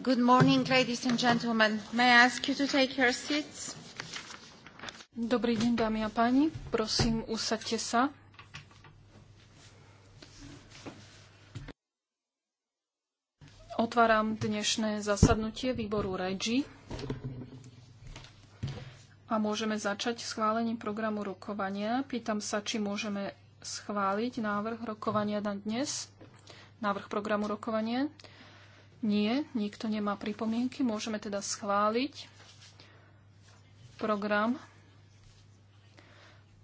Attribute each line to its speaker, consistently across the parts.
Speaker 1: Good morning, ladies and
Speaker 2: gentlemen. May I ask you to take your seats? Dobrý deň, dámy a páni. Prosím, usaďte sa. Otváram dnešné zasadnutie výboru REGI a môžeme začať schválením programu rokovania. Pýtam sa, či môžeme schváliť návrh rokovania na dnes, návrh programu rokovania. Nie, nikto nemá pripomienky. Môžeme teda schváliť program.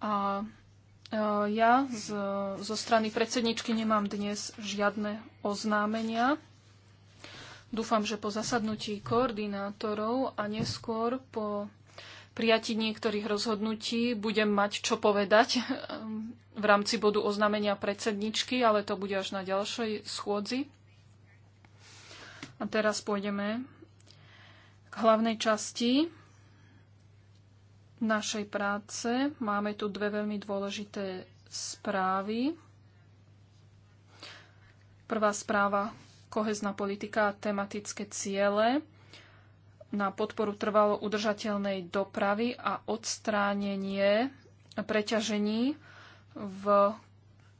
Speaker 2: A e, ja z, zo strany predsedničky nemám dnes žiadne oznámenia. Dúfam, že po zasadnutí koordinátorov a neskôr po prijatí niektorých rozhodnutí budem mať čo povedať e, v rámci bodu oznámenia predsedničky, ale to bude až na ďalšej schôdzi. A teraz pôjdeme k hlavnej časti našej práce. Máme tu dve veľmi dôležité správy. Prvá správa kohezná politika a tematické ciele na podporu trvalo udržateľnej dopravy a odstránenie preťažení v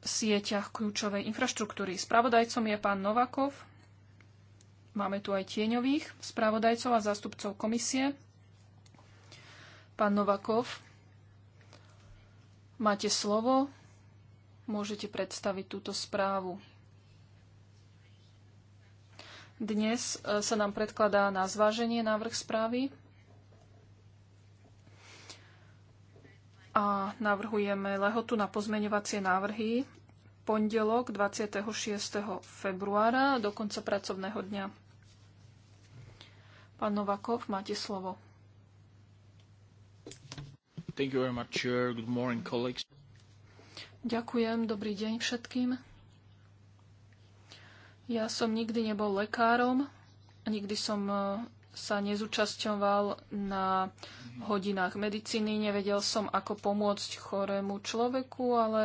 Speaker 2: sieťach kľúčovej infraštruktúry. Spravodajcom je pán Novakov. Máme tu aj tieňových spravodajcov a zástupcov komisie. Pán Novakov, máte slovo. Môžete predstaviť túto správu. Dnes e, sa nám predkladá na zváženie návrh správy. A navrhujeme lehotu na pozmeňovacie návrhy pondelok 26. februára do konca pracovného dňa. Pán Novakov, máte slovo.
Speaker 3: Thank you very much, Good morning, colleagues.
Speaker 2: Ďakujem, dobrý deň všetkým. Ja som nikdy nebol lekárom, nikdy som e, sa nezúčastňoval na hodinách medicíny, nevedel som, ako pomôcť chorému človeku, ale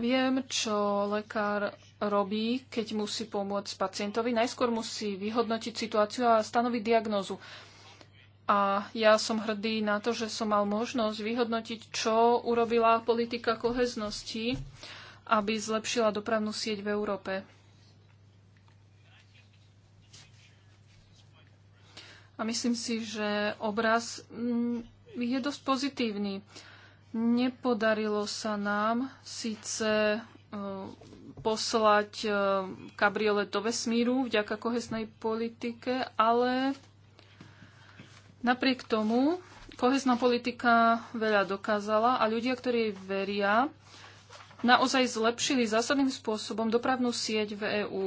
Speaker 2: viem, čo lekár robí, keď musí pomôcť pacientovi. Najskôr musí vyhodnotiť situáciu a stanoviť diagnózu. A ja som hrdý na to, že som mal možnosť vyhodnotiť, čo urobila politika koheznosti, aby zlepšila dopravnú sieť v Európe. A myslím si, že obraz mm, je dosť pozitívny. Nepodarilo sa nám síce poslať e, kabriolet do vesmíru vďaka kohesnej politike, ale napriek tomu kohesná politika veľa dokázala a ľudia, ktorí jej veria, naozaj zlepšili zásadným spôsobom dopravnú sieť v EÚ.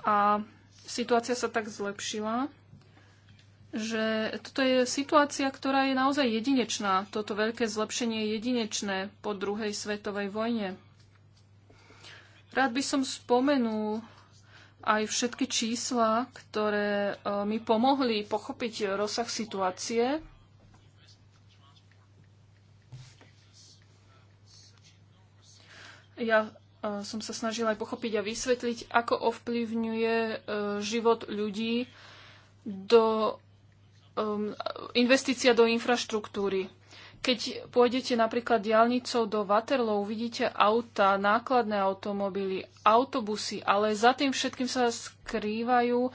Speaker 2: A situácia sa tak zlepšila, že toto je situácia, ktorá je naozaj jedinečná. Toto veľké zlepšenie je jedinečné po druhej svetovej vojne. Rád by som spomenul aj všetky čísla, ktoré e, mi pomohli pochopiť rozsah situácie. Ja e, som sa snažila aj pochopiť a vysvetliť, ako ovplyvňuje e, život ľudí do um, investícia do infraštruktúry. Keď pôjdete napríklad diálnicou do Waterloo, uvidíte auta, nákladné automobily, autobusy, ale za tým všetkým sa skrývajú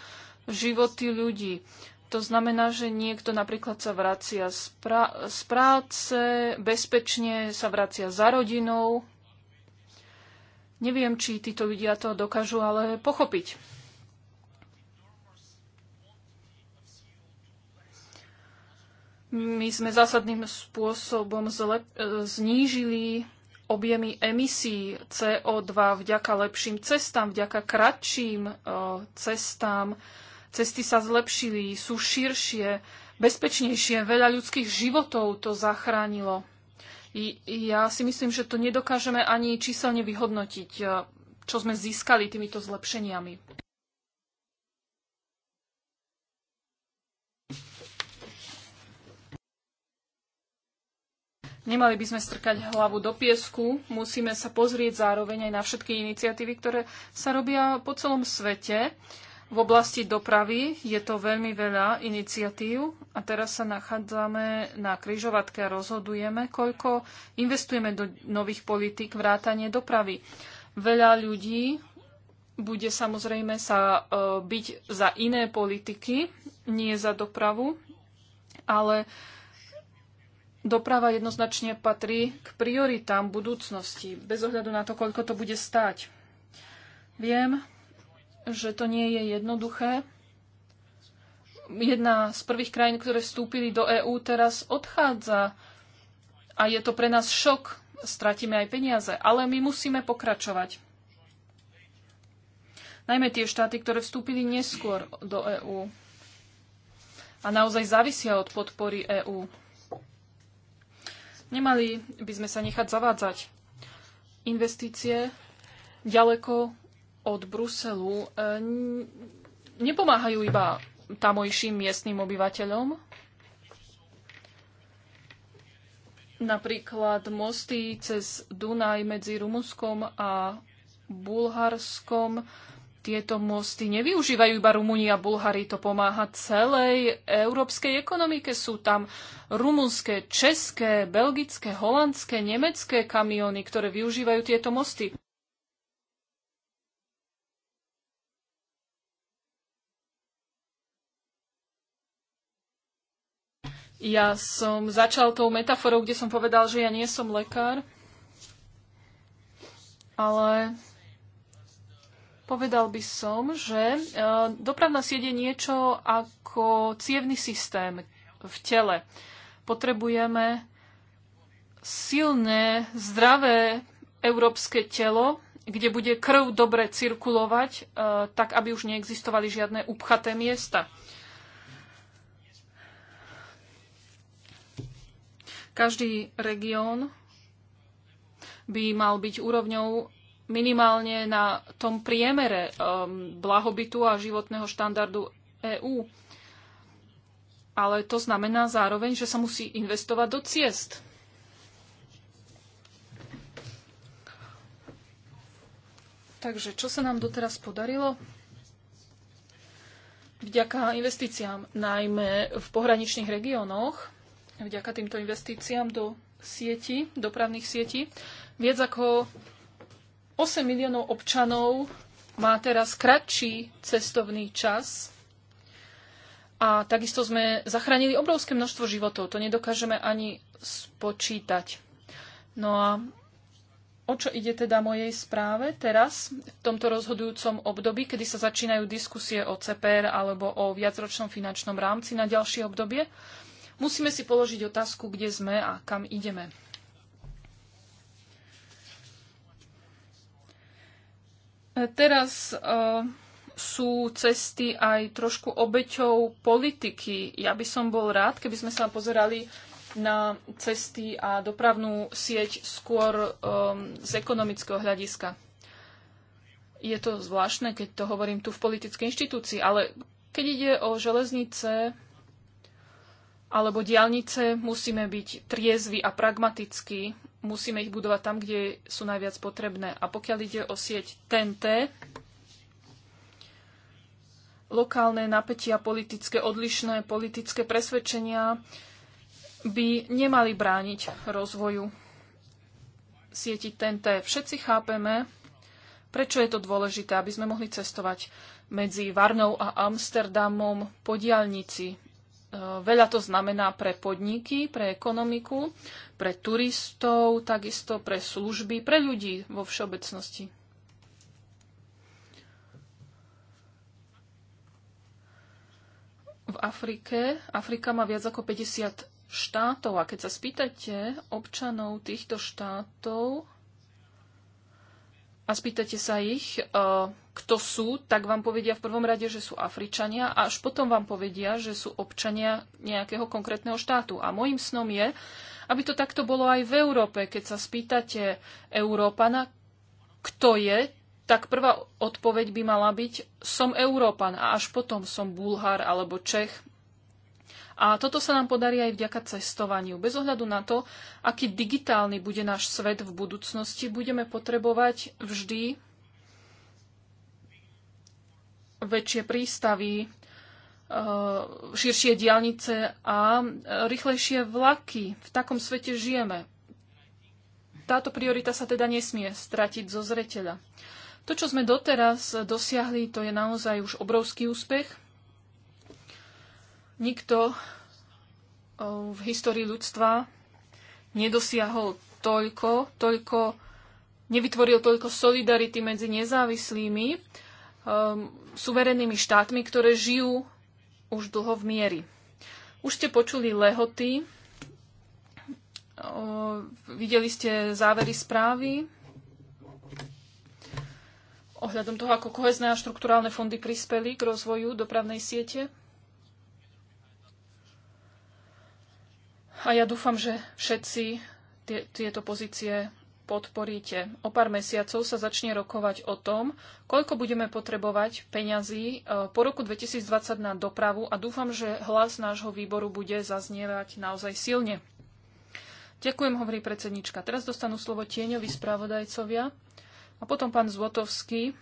Speaker 2: životy ľudí. To znamená, že niekto napríklad sa vracia z, pra- z práce, bezpečne sa vracia za rodinou. Neviem, či títo ľudia to dokážu ale pochopiť. My sme zásadným spôsobom e, znížili objemy emisí CO2 vďaka lepším cestám, vďaka kratším e, cestám. Cesty sa zlepšili, sú širšie, bezpečnejšie, veľa ľudských životov to zachránilo. I ja si myslím, že to nedokážeme ani číselne vyhodnotiť, e, čo sme získali týmito zlepšeniami. Nemali by sme strkať hlavu do piesku, musíme sa pozrieť zároveň aj na všetky iniciatívy, ktoré sa robia po celom svete. V oblasti dopravy je to veľmi veľa iniciatív a teraz sa nachádzame na kryžovatke a rozhodujeme, koľko investujeme do nových politík vrátanie dopravy. Veľa ľudí bude samozrejme sa e, byť za iné politiky, nie za dopravu, ale Doprava jednoznačne patrí k prioritám budúcnosti, bez ohľadu na to, koľko to bude stáť. Viem, že to nie je jednoduché. Jedna z prvých krajín, ktoré vstúpili do EÚ, teraz odchádza a je to pre nás šok. Stratíme aj peniaze, ale my musíme pokračovať. Najmä tie štáty, ktoré vstúpili neskôr do EÚ a naozaj závisia od podpory EÚ. Nemali by sme sa nechať zavádzať. Investície ďaleko od Bruselu e, nepomáhajú iba tamojším miestnym obyvateľom. Napríklad mosty cez Dunaj medzi Rumunskom a Bulharskom tieto mosty nevyužívajú iba Rumúni a Bulhári, to pomáha celej európskej ekonomike. Sú tam rumunské, české, belgické, holandské, nemecké kamiony, ktoré využívajú tieto mosty. Ja som začal tou metaforou, kde som povedal, že ja nie som lekár, ale Povedal by som, že e, dopravná sieť je niečo ako cievný systém v tele. Potrebujeme silné, zdravé európske telo, kde bude krv dobre cirkulovať, e, tak aby už neexistovali žiadne upchaté miesta. Každý región by mal byť úrovňou minimálne na tom priemere um, blahobytu a životného štandardu EÚ. Ale to znamená zároveň, že sa musí investovať do ciest. Takže čo sa nám doteraz podarilo? Vďaka investíciám, najmä v pohraničných regiónoch, vďaka týmto investíciám do sieti, dopravných sietí, viac ako 8 miliónov občanov má teraz kratší cestovný čas a takisto sme zachránili obrovské množstvo životov. To nedokážeme ani spočítať. No a o čo ide teda mojej správe teraz, v tomto rozhodujúcom období, kedy sa začínajú diskusie o CPR alebo o viacročnom finančnom rámci na ďalšie obdobie? Musíme si položiť otázku, kde sme a kam ideme. Teraz e, sú cesty aj trošku obeťou politiky. Ja by som bol rád, keby sme sa pozerali na cesty a dopravnú sieť skôr um, z ekonomického hľadiska. Je to zvláštne, keď to hovorím tu v politickej inštitúcii, ale keď ide o železnice alebo diálnice, musíme byť triezvi a pragmatickí musíme ich budovať tam, kde sú najviac potrebné. A pokiaľ ide o sieť TNT, lokálne napätia, politické odlišné politické presvedčenia by nemali brániť rozvoju sieti TNT. Všetci chápeme, prečo je to dôležité, aby sme mohli cestovať medzi Varnou a Amsterdamom po diálnici, Veľa to znamená pre podniky, pre ekonomiku, pre turistov, takisto pre služby, pre ľudí vo všeobecnosti. V Afrike, Afrika má viac ako 50 štátov a keď sa spýtate občanov týchto štátov a spýtate sa ich, eh, kto sú, tak vám povedia v prvom rade, že sú Afričania a až potom vám povedia, že sú občania nejakého konkrétneho štátu. A môjim snom je, aby to takto bolo aj v Európe. Keď sa spýtate Európana, kto je, tak prvá odpoveď by mala byť som Európan a až potom som Bulhár alebo Čech. A toto sa nám podarí aj vďaka cestovaniu. Bez ohľadu na to, aký digitálny bude náš svet v budúcnosti, budeme potrebovať vždy väčšie prístavy, e, širšie diálnice a e, rýchlejšie vlaky. V takom svete žijeme. Táto priorita sa teda nesmie stratiť zo zreteľa. To, čo sme doteraz dosiahli, to je naozaj už obrovský úspech. Nikto e, v histórii ľudstva nedosiahol toľko, toľko, nevytvoril toľko solidarity medzi nezávislými, um, suverennými štátmi, ktoré žijú už dlho v miery. Už ste počuli lehoty, um, videli ste závery správy ohľadom toho, ako kohezné a štruktúrálne fondy prispeli k rozvoju dopravnej siete. A ja dúfam, že všetci tie, tieto pozície podporíte. O pár mesiacov sa začne rokovať o tom, koľko budeme potrebovať peňazí e, po roku 2020 na dopravu a dúfam, že hlas nášho výboru bude zaznievať naozaj silne. Ďakujem, hovorí predsednička. Teraz dostanú slovo tieňovi spravodajcovia a potom pán Zvotovský,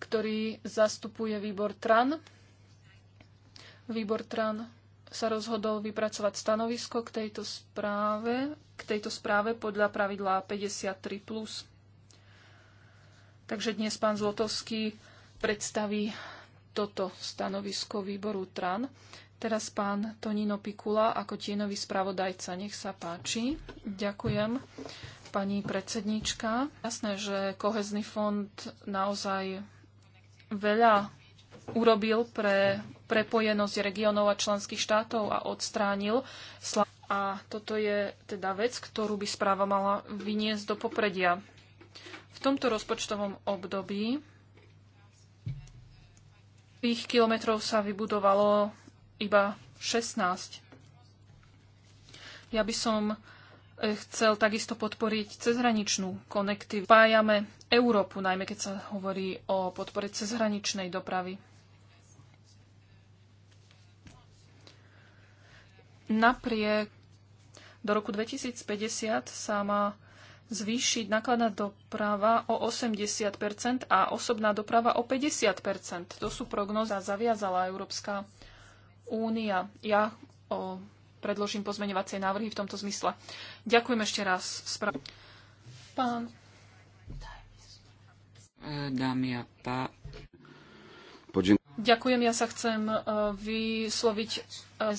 Speaker 2: ktorý zastupuje výbor TRAN. Výbor TRAN sa rozhodol vypracovať stanovisko k tejto správe k tejto správe podľa pravidla 53+. Takže dnes pán Zlotovský predstaví toto stanovisko výboru TRAN. Teraz pán Tonino Pikula ako tienový spravodajca. Nech sa páči. Ďakujem, pani predsednička. Jasné, že kohezný fond naozaj veľa urobil pre prepojenosť regionov a členských štátov a odstránil a toto je teda vec, ktorú by správa mala vyniesť do popredia. V tomto rozpočtovom období tých kilometrov sa vybudovalo iba 16. Ja by som eh, chcel takisto podporiť cezhraničnú konektivu. Pájame Európu, najmä keď sa hovorí o podpore cezhraničnej dopravy. Napriek do roku 2050 sa má zvýšiť nákladná doprava o 80 a osobná doprava o 50 To sú prognoza zaviazala Európska únia. Ja o, predložím pozmeňovacie návrhy v tomto zmysle. Ďakujem ešte raz. Spra- Pán.
Speaker 3: Dámy a pá...
Speaker 2: Ďakujem, ja sa chcem e, vysloviť e,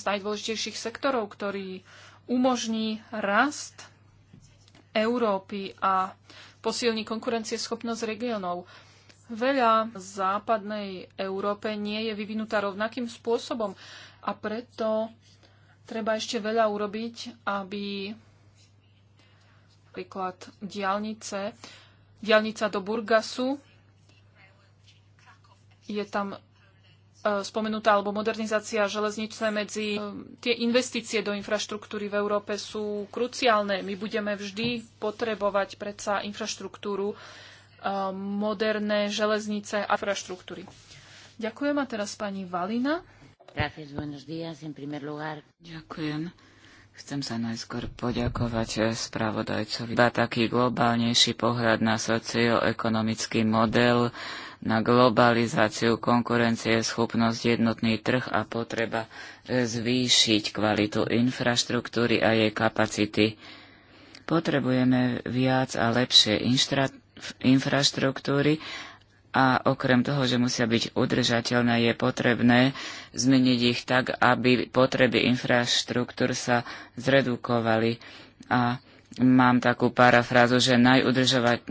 Speaker 2: z najdôležitejších sektorov, ktorý umožní rast Európy a posilní konkurencieschopnosť regiónov. Veľa v západnej Európe nie je vyvinutá rovnakým spôsobom a preto treba ešte veľa urobiť, aby napríklad diálnice, diálnica do Burgasu, je tam E, spomenutá alebo modernizácia železnice medzi e, tie investície do infraštruktúry v Európe sú kruciálne. My budeme vždy potrebovať predsa infraštruktúru, e, moderné železnice a infraštruktúry. Ďakujem a teraz pani Valina. Gracias, buenos días.
Speaker 3: En primer lugar... Ďakujem. Chcem sa najskôr poďakovať eh, spravodajcovi. Iba taký globálnejší pohľad na socioekonomický model, na globalizáciu, konkurencie, schopnosť, jednotný trh a potreba eh, zvýšiť kvalitu infraštruktúry a jej kapacity. Potrebujeme viac a lepšie infraštruktúry a okrem toho, že musia byť udržateľné, je potrebné zmeniť ich tak, aby potreby infraštruktúr sa zredukovali. A mám takú parafrázu, že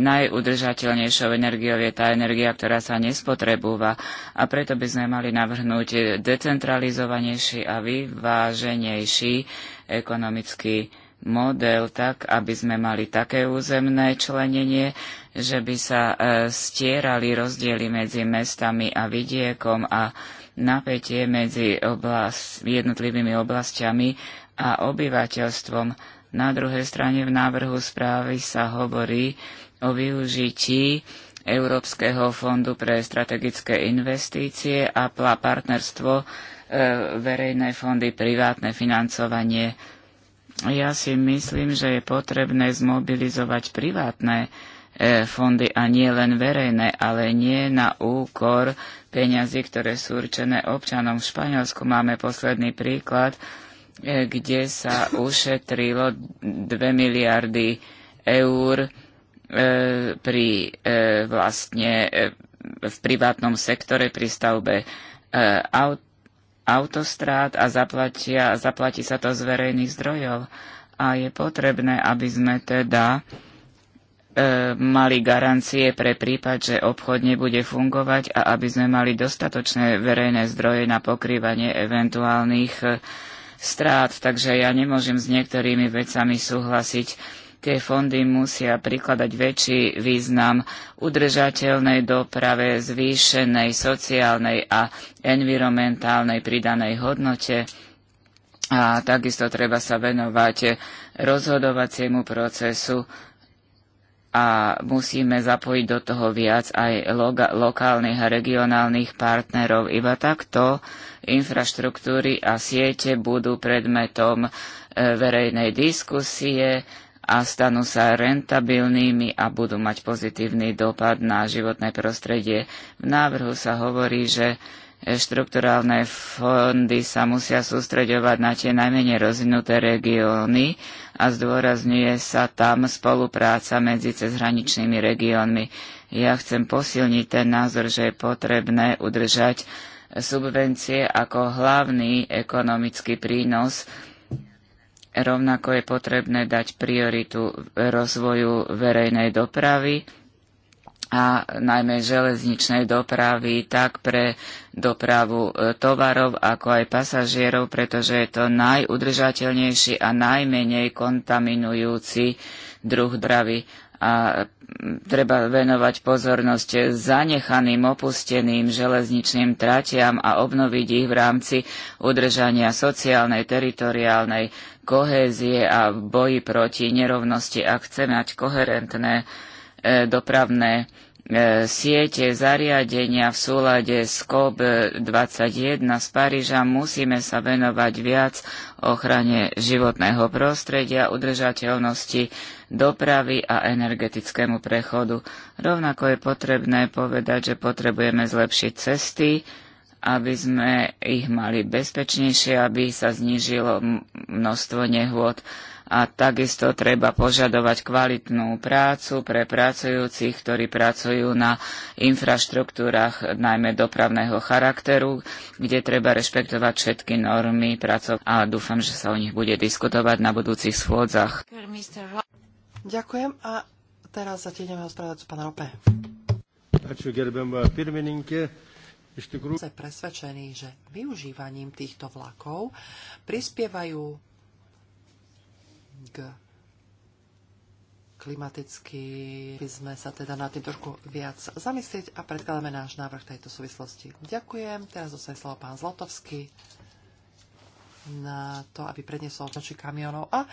Speaker 3: najudržateľnejšou energiou je tá energia, ktorá sa nespotrebúva. A preto by sme mali navrhnúť decentralizovanejší a vyváženejší ekonomický model tak, aby sme mali také územné členenie, že by sa e, stierali rozdiely medzi mestami a vidiekom a napätie medzi oblast, jednotlivými oblastiami a obyvateľstvom. Na druhej strane v návrhu správy sa hovorí o využití Európskeho fondu pre strategické investície a partnerstvo e, verejné fondy, privátne financovanie ja si myslím, že je potrebné zmobilizovať privátne e, fondy a nie len verejné, ale nie na úkor peňazí, ktoré sú určené občanom. V Španielsku máme posledný príklad, e, kde sa ušetrilo 2 miliardy eur e, pri vlastne v privátnom sektore pri stavbe aut autostrát a zaplatia, zaplatí sa to z verejných zdrojov. A je potrebné, aby sme teda e, mali garancie pre prípad, že obchod nebude fungovať a aby sme mali dostatočné verejné zdroje na pokrývanie eventuálnych e, strát. Takže ja nemôžem s niektorými vecami súhlasiť tie fondy musia prikladať väčší význam udržateľnej doprave, zvýšenej sociálnej a environmentálnej pridanej hodnote a takisto treba sa venovať rozhodovaciemu procesu a musíme zapojiť do toho viac aj lokálnych a regionálnych partnerov. Iba takto infraštruktúry a siete budú predmetom e, verejnej diskusie a stanú sa rentabilnými a budú mať pozitívny dopad na životné prostredie. V návrhu sa hovorí, že štrukturálne fondy sa musia sústreďovať na tie najmenej rozvinuté regióny a zdôrazňuje sa tam spolupráca medzi cezhraničnými regiónmi. Ja chcem posilniť ten názor, že je potrebné udržať subvencie ako hlavný ekonomický prínos Rovnako je potrebné dať prioritu rozvoju verejnej dopravy a najmä železničnej dopravy, tak pre dopravu e, tovarov, ako aj pasažierov, pretože je to najudržateľnejší a najmenej kontaminujúci druh dravy. A treba venovať pozornosť zanechaným, opusteným železničným tratiam a obnoviť ich v rámci udržania sociálnej, teritoriálnej kohézie a boji proti nerovnosti. a chce mať koherentné e, dopravné e, siete zariadenia v súlade s COP21 z Paríža musíme sa venovať viac ochrane životného prostredia, udržateľnosti dopravy a energetickému prechodu. Rovnako je potrebné povedať, že potrebujeme zlepšiť cesty, aby sme ich mali bezpečnejšie, aby sa znížilo množstvo nehôd. A takisto treba požadovať kvalitnú prácu pre pracujúcich, ktorí pracujú na infraštruktúrach najmä dopravného charakteru, kde treba rešpektovať všetky normy pracov. A dúfam, že sa o nich bude diskutovať na budúcich schôdzach.
Speaker 1: Ďakujem a teraz zatieňame hospodárcu pán Rope.
Speaker 3: Ačiū gerbiamą pirmininkę
Speaker 1: sa presvedčení, že využívaním týchto vlakov prispievajú k klimaticky by sme sa teda na tým trošku viac zamyslieť a predkladáme náš návrh tejto súvislosti. Ďakujem. Teraz dostane slovo pán Zlotovský na to, aby predniesol oči kamionov. A e,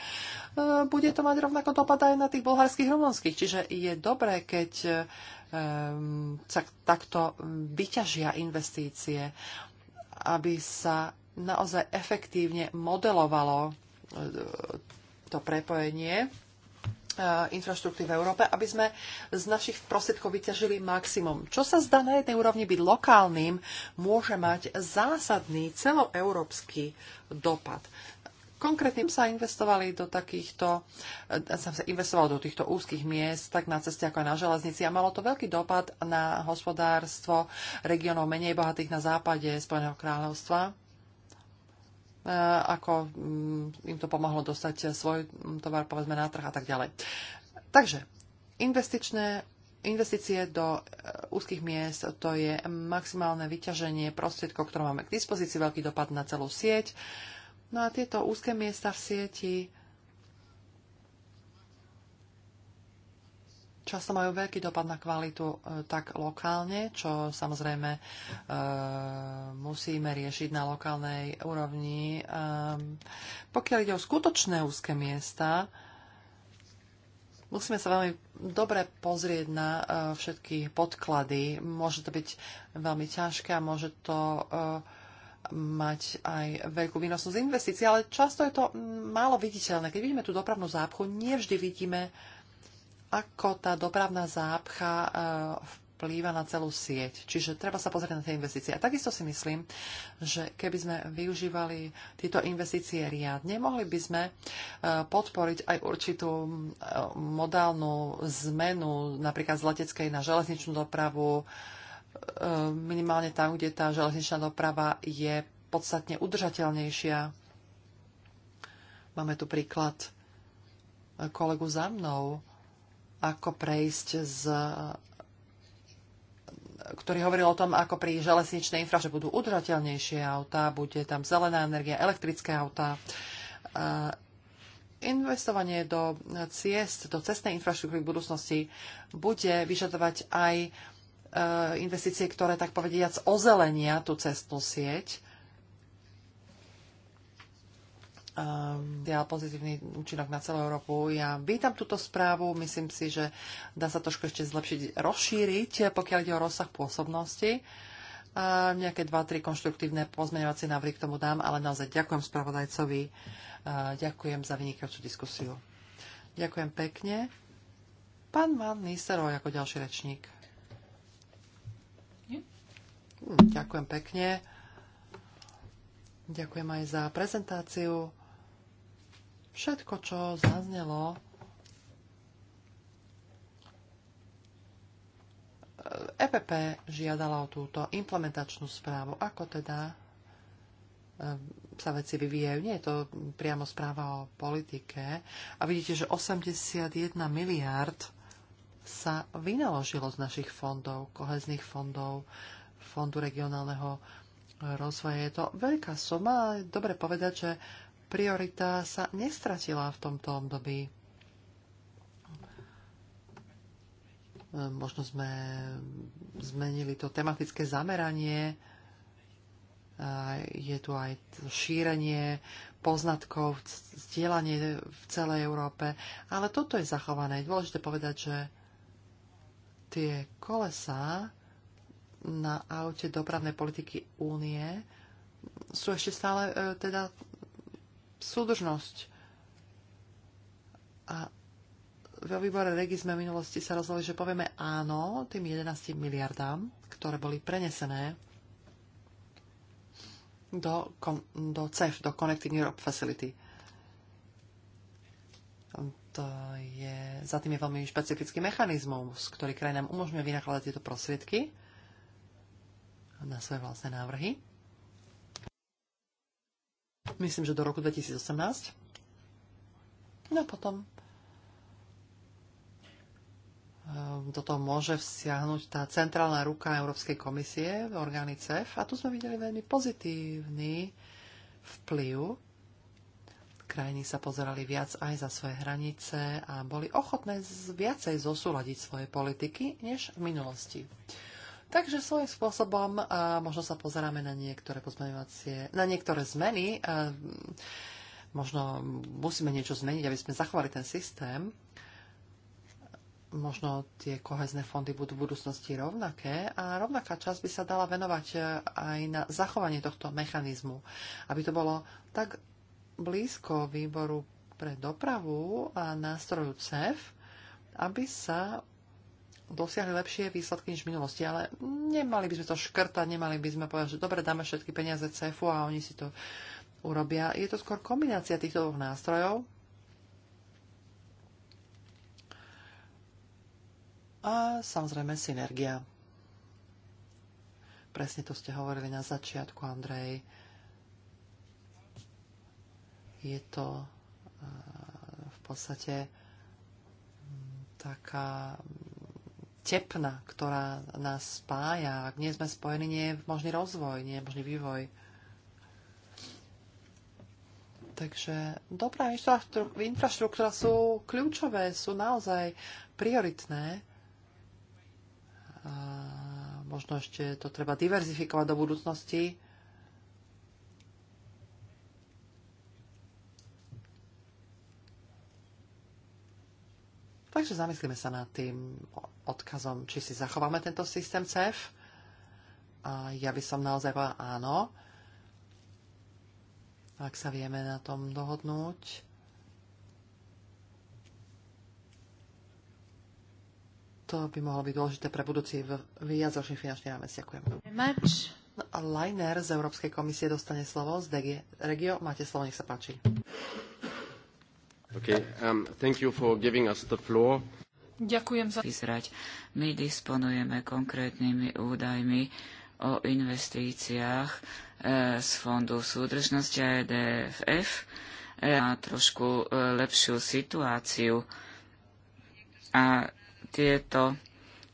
Speaker 1: bude to mať rovnako dopad aj na tých bulharských rumunských. Čiže je dobré, keď e, Ehm, takto vyťažia investície, aby sa naozaj efektívne modelovalo e, to prepojenie e, infraštruktúry v Európe, aby sme z našich prostriedkov vyťažili maximum. Čo sa zdá na jednej úrovni byť lokálnym, môže mať zásadný celoeurópsky dopad. Konkrétne sa investovali do takýchto, e, sa investovalo do týchto úzkých miest, tak na ceste ako aj na železnici a malo to veľký dopad na hospodárstvo regionov menej bohatých na západe Spojeného kráľovstva e, ako mm, im to pomohlo dostať svoj tovar, povedzme, na trh a tak ďalej. Takže, investičné investície do e, úzkých miest, to je maximálne vyťaženie prostriedkov, ktoré máme k dispozícii, veľký dopad na celú sieť. Uh, No a tieto úzke miesta v sieti často majú veľký dopad na kvalitu e, tak lokálne, čo samozrejme e, musíme riešiť na lokálnej úrovni. E, pokiaľ ide o skutočné úzke miesta, musíme sa veľmi dobre pozrieť na e, všetky podklady. Môže to byť veľmi ťažké a môže to e, mať aj veľkú výnosnosť investícií, ale často je to málo viditeľné. Keď vidíme tú dopravnú zápchu, nevždy vidíme, ako tá dopravná zápcha eh, vplýva na celú sieť. Čiže treba sa pozrieť na tie investície. A takisto si myslím, že keby sme využívali tieto investície riadne, mohli by sme eh, podporiť aj určitú eh, modálnu zmenu, napríklad z leteckej na železničnú dopravu, E, minimálne tam, kde tá železničná doprava je podstatne udržateľnejšia. Máme tu príklad kolegu za mnou, ako prejsť z ktorý hovoril o tom, ako pri železničnej infraštruktúre budú udržateľnejšie autá, bude tam zelená energia, elektrické autá. E, investovanie do ciest, do cestnej infraštruktúry v budúcnosti bude vyžadovať aj Eh, investície, ktoré tak povediac ozelenia tú cestnú sieť. Ehm, ja pozitívny účinok na celú Európu. Ja vítam túto správu, myslím si, že dá sa trošku ešte zlepšiť, rozšíriť, pokiaľ ide o rozsah pôsobnosti. A nejaké 2-3 konštruktívne pozmeňovacie návrhy k tomu dám, ale naozaj ďakujem spravodajcovi, eh, ďakujem za vynikajúcu diskusiu. Ďakujem pekne. Pán Van Nisero ako ďalší rečník. Ďakujem pekne. Ďakujem aj za prezentáciu. Všetko, čo zaznelo, EPP žiadala o túto implementačnú správu. Ako teda e, sa veci vyvíjajú. Nie je to priamo správa o politike. A vidíte, že 81 miliard sa vynaložilo z našich fondov, kohezných fondov Fondu regionálneho rozvoja. Je to veľká suma, ale dobre povedať, že priorita sa nestratila v tomto období. Možno sme zmenili to tematické zameranie, je tu aj šírenie poznatkov, zdieľanie v celej Európe, ale toto je zachované. Je dôležité povedať, že tie kolesá na aute dopravnej politiky únie sú ešte stále e, teda súdržnosť. A vo výbore Regi sme v minulosti sa rozhodli, že povieme áno tým 11 miliardám, ktoré boli prenesené do, do CEF, do Connecting Europe Facility. To je, za tým je veľmi špecifický mechanizmus, ktorý krajinám umožňuje vynakladať tieto prostriedky na svoje vlastné návrhy. Myslím, že do roku 2018. No a potom ehm, do toho môže vsiahnuť tá centrálna ruka Európskej komisie v orgány CEF. A tu sme videli veľmi pozitívny vplyv. Krajiny sa pozerali viac aj za svoje hranice a boli ochotné viacej zosúľadiť svoje politiky než v minulosti. Takže svojím spôsobom a možno sa pozeráme na niektoré pozmeňovacie, na niektoré zmeny. A možno musíme niečo zmeniť, aby sme zachovali ten systém. Možno tie kohezné fondy budú v budúcnosti rovnaké a rovnaká časť by sa dala venovať e, aj na zachovanie tohto mechanizmu, aby to bolo tak blízko výboru pre dopravu a nástroju CEF, aby sa dosiahli lepšie výsledky než v minulosti, ale nemali by sme to škrtať, nemali by sme povedať, že dobre, dáme všetky peniaze CEFu a oni si to urobia. Je to skôr kombinácia týchto dvoch nástrojov. A samozrejme synergia. Presne to ste hovorili na začiatku, Andrej. Je to eh, v podstate taká tepna, ktorá nás spája. Ak nie sme spojení, nie je možný rozvoj, nie je možný vývoj. Takže dobrá infraštruktúra sú kľúčové, sú naozaj prioritné. A možno ešte to treba diverzifikovať do budúcnosti. Takže zamyslíme sa nad tým odkazom, či si zachováme tento systém CEF. A ja by som naozaj povedala áno. Ak sa vieme na tom dohodnúť. To by mohlo byť dôležité pre budúci viacročný finančný rámec. Ďakujem. Liner z Európskej komisie dostane slovo z DG. Regio, máte
Speaker 3: slovo, nech sa páči. Okay. Um, thank you for giving us the floor. Ďakujem za... Vyzrať. My disponujeme konkrétnymi údajmi o investíciách eh, z Fondu súdržnosti a EDFF na eh, trošku eh, lepšiu situáciu. A tieto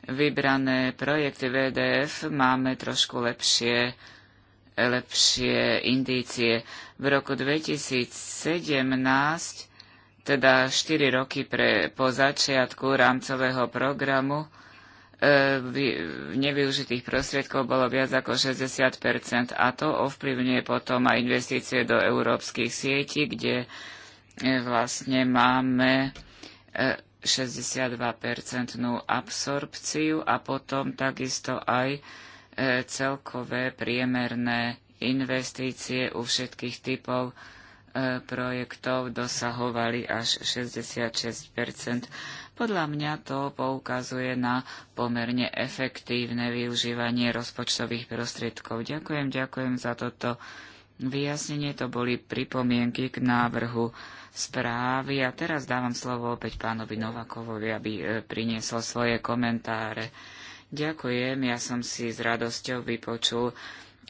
Speaker 3: vybrané projekty VDF e máme trošku lepšie, lepšie indície. V roku 2017 teda 4 roky pre, po začiatku rámcového programu e, nevyužitých prostriedkov bolo viac ako 60 a to ovplyvňuje potom aj investície do európskych sietí, kde e, vlastne máme 62 e, absorpciu a potom takisto aj e, celkové priemerné investície u všetkých typov projektov dosahovali až 66 Podľa mňa to poukazuje na pomerne efektívne využívanie rozpočtových prostriedkov. Ďakujem, ďakujem za toto vyjasnenie. To boli pripomienky k návrhu správy. A teraz dávam slovo opäť pánovi Novakovovi, aby e, priniesol svoje komentáre. Ďakujem, ja som si s radosťou vypočul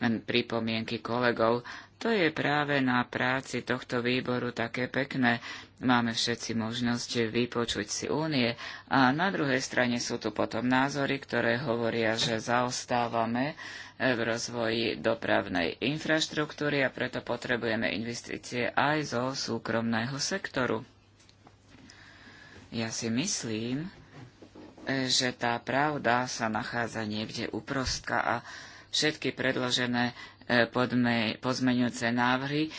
Speaker 3: pripomienky kolegov. To je práve na práci tohto výboru také pekné. Máme všetci možnosť vypočuť si únie a na druhej strane sú tu potom názory, ktoré hovoria, že zaostávame v rozvoji dopravnej infraštruktúry a preto potrebujeme investície aj zo súkromného sektoru. Ja si myslím, že tá pravda sa nachádza niekde uprostka a všetky predložené E, podme, pozmeňujúce návrhy, e,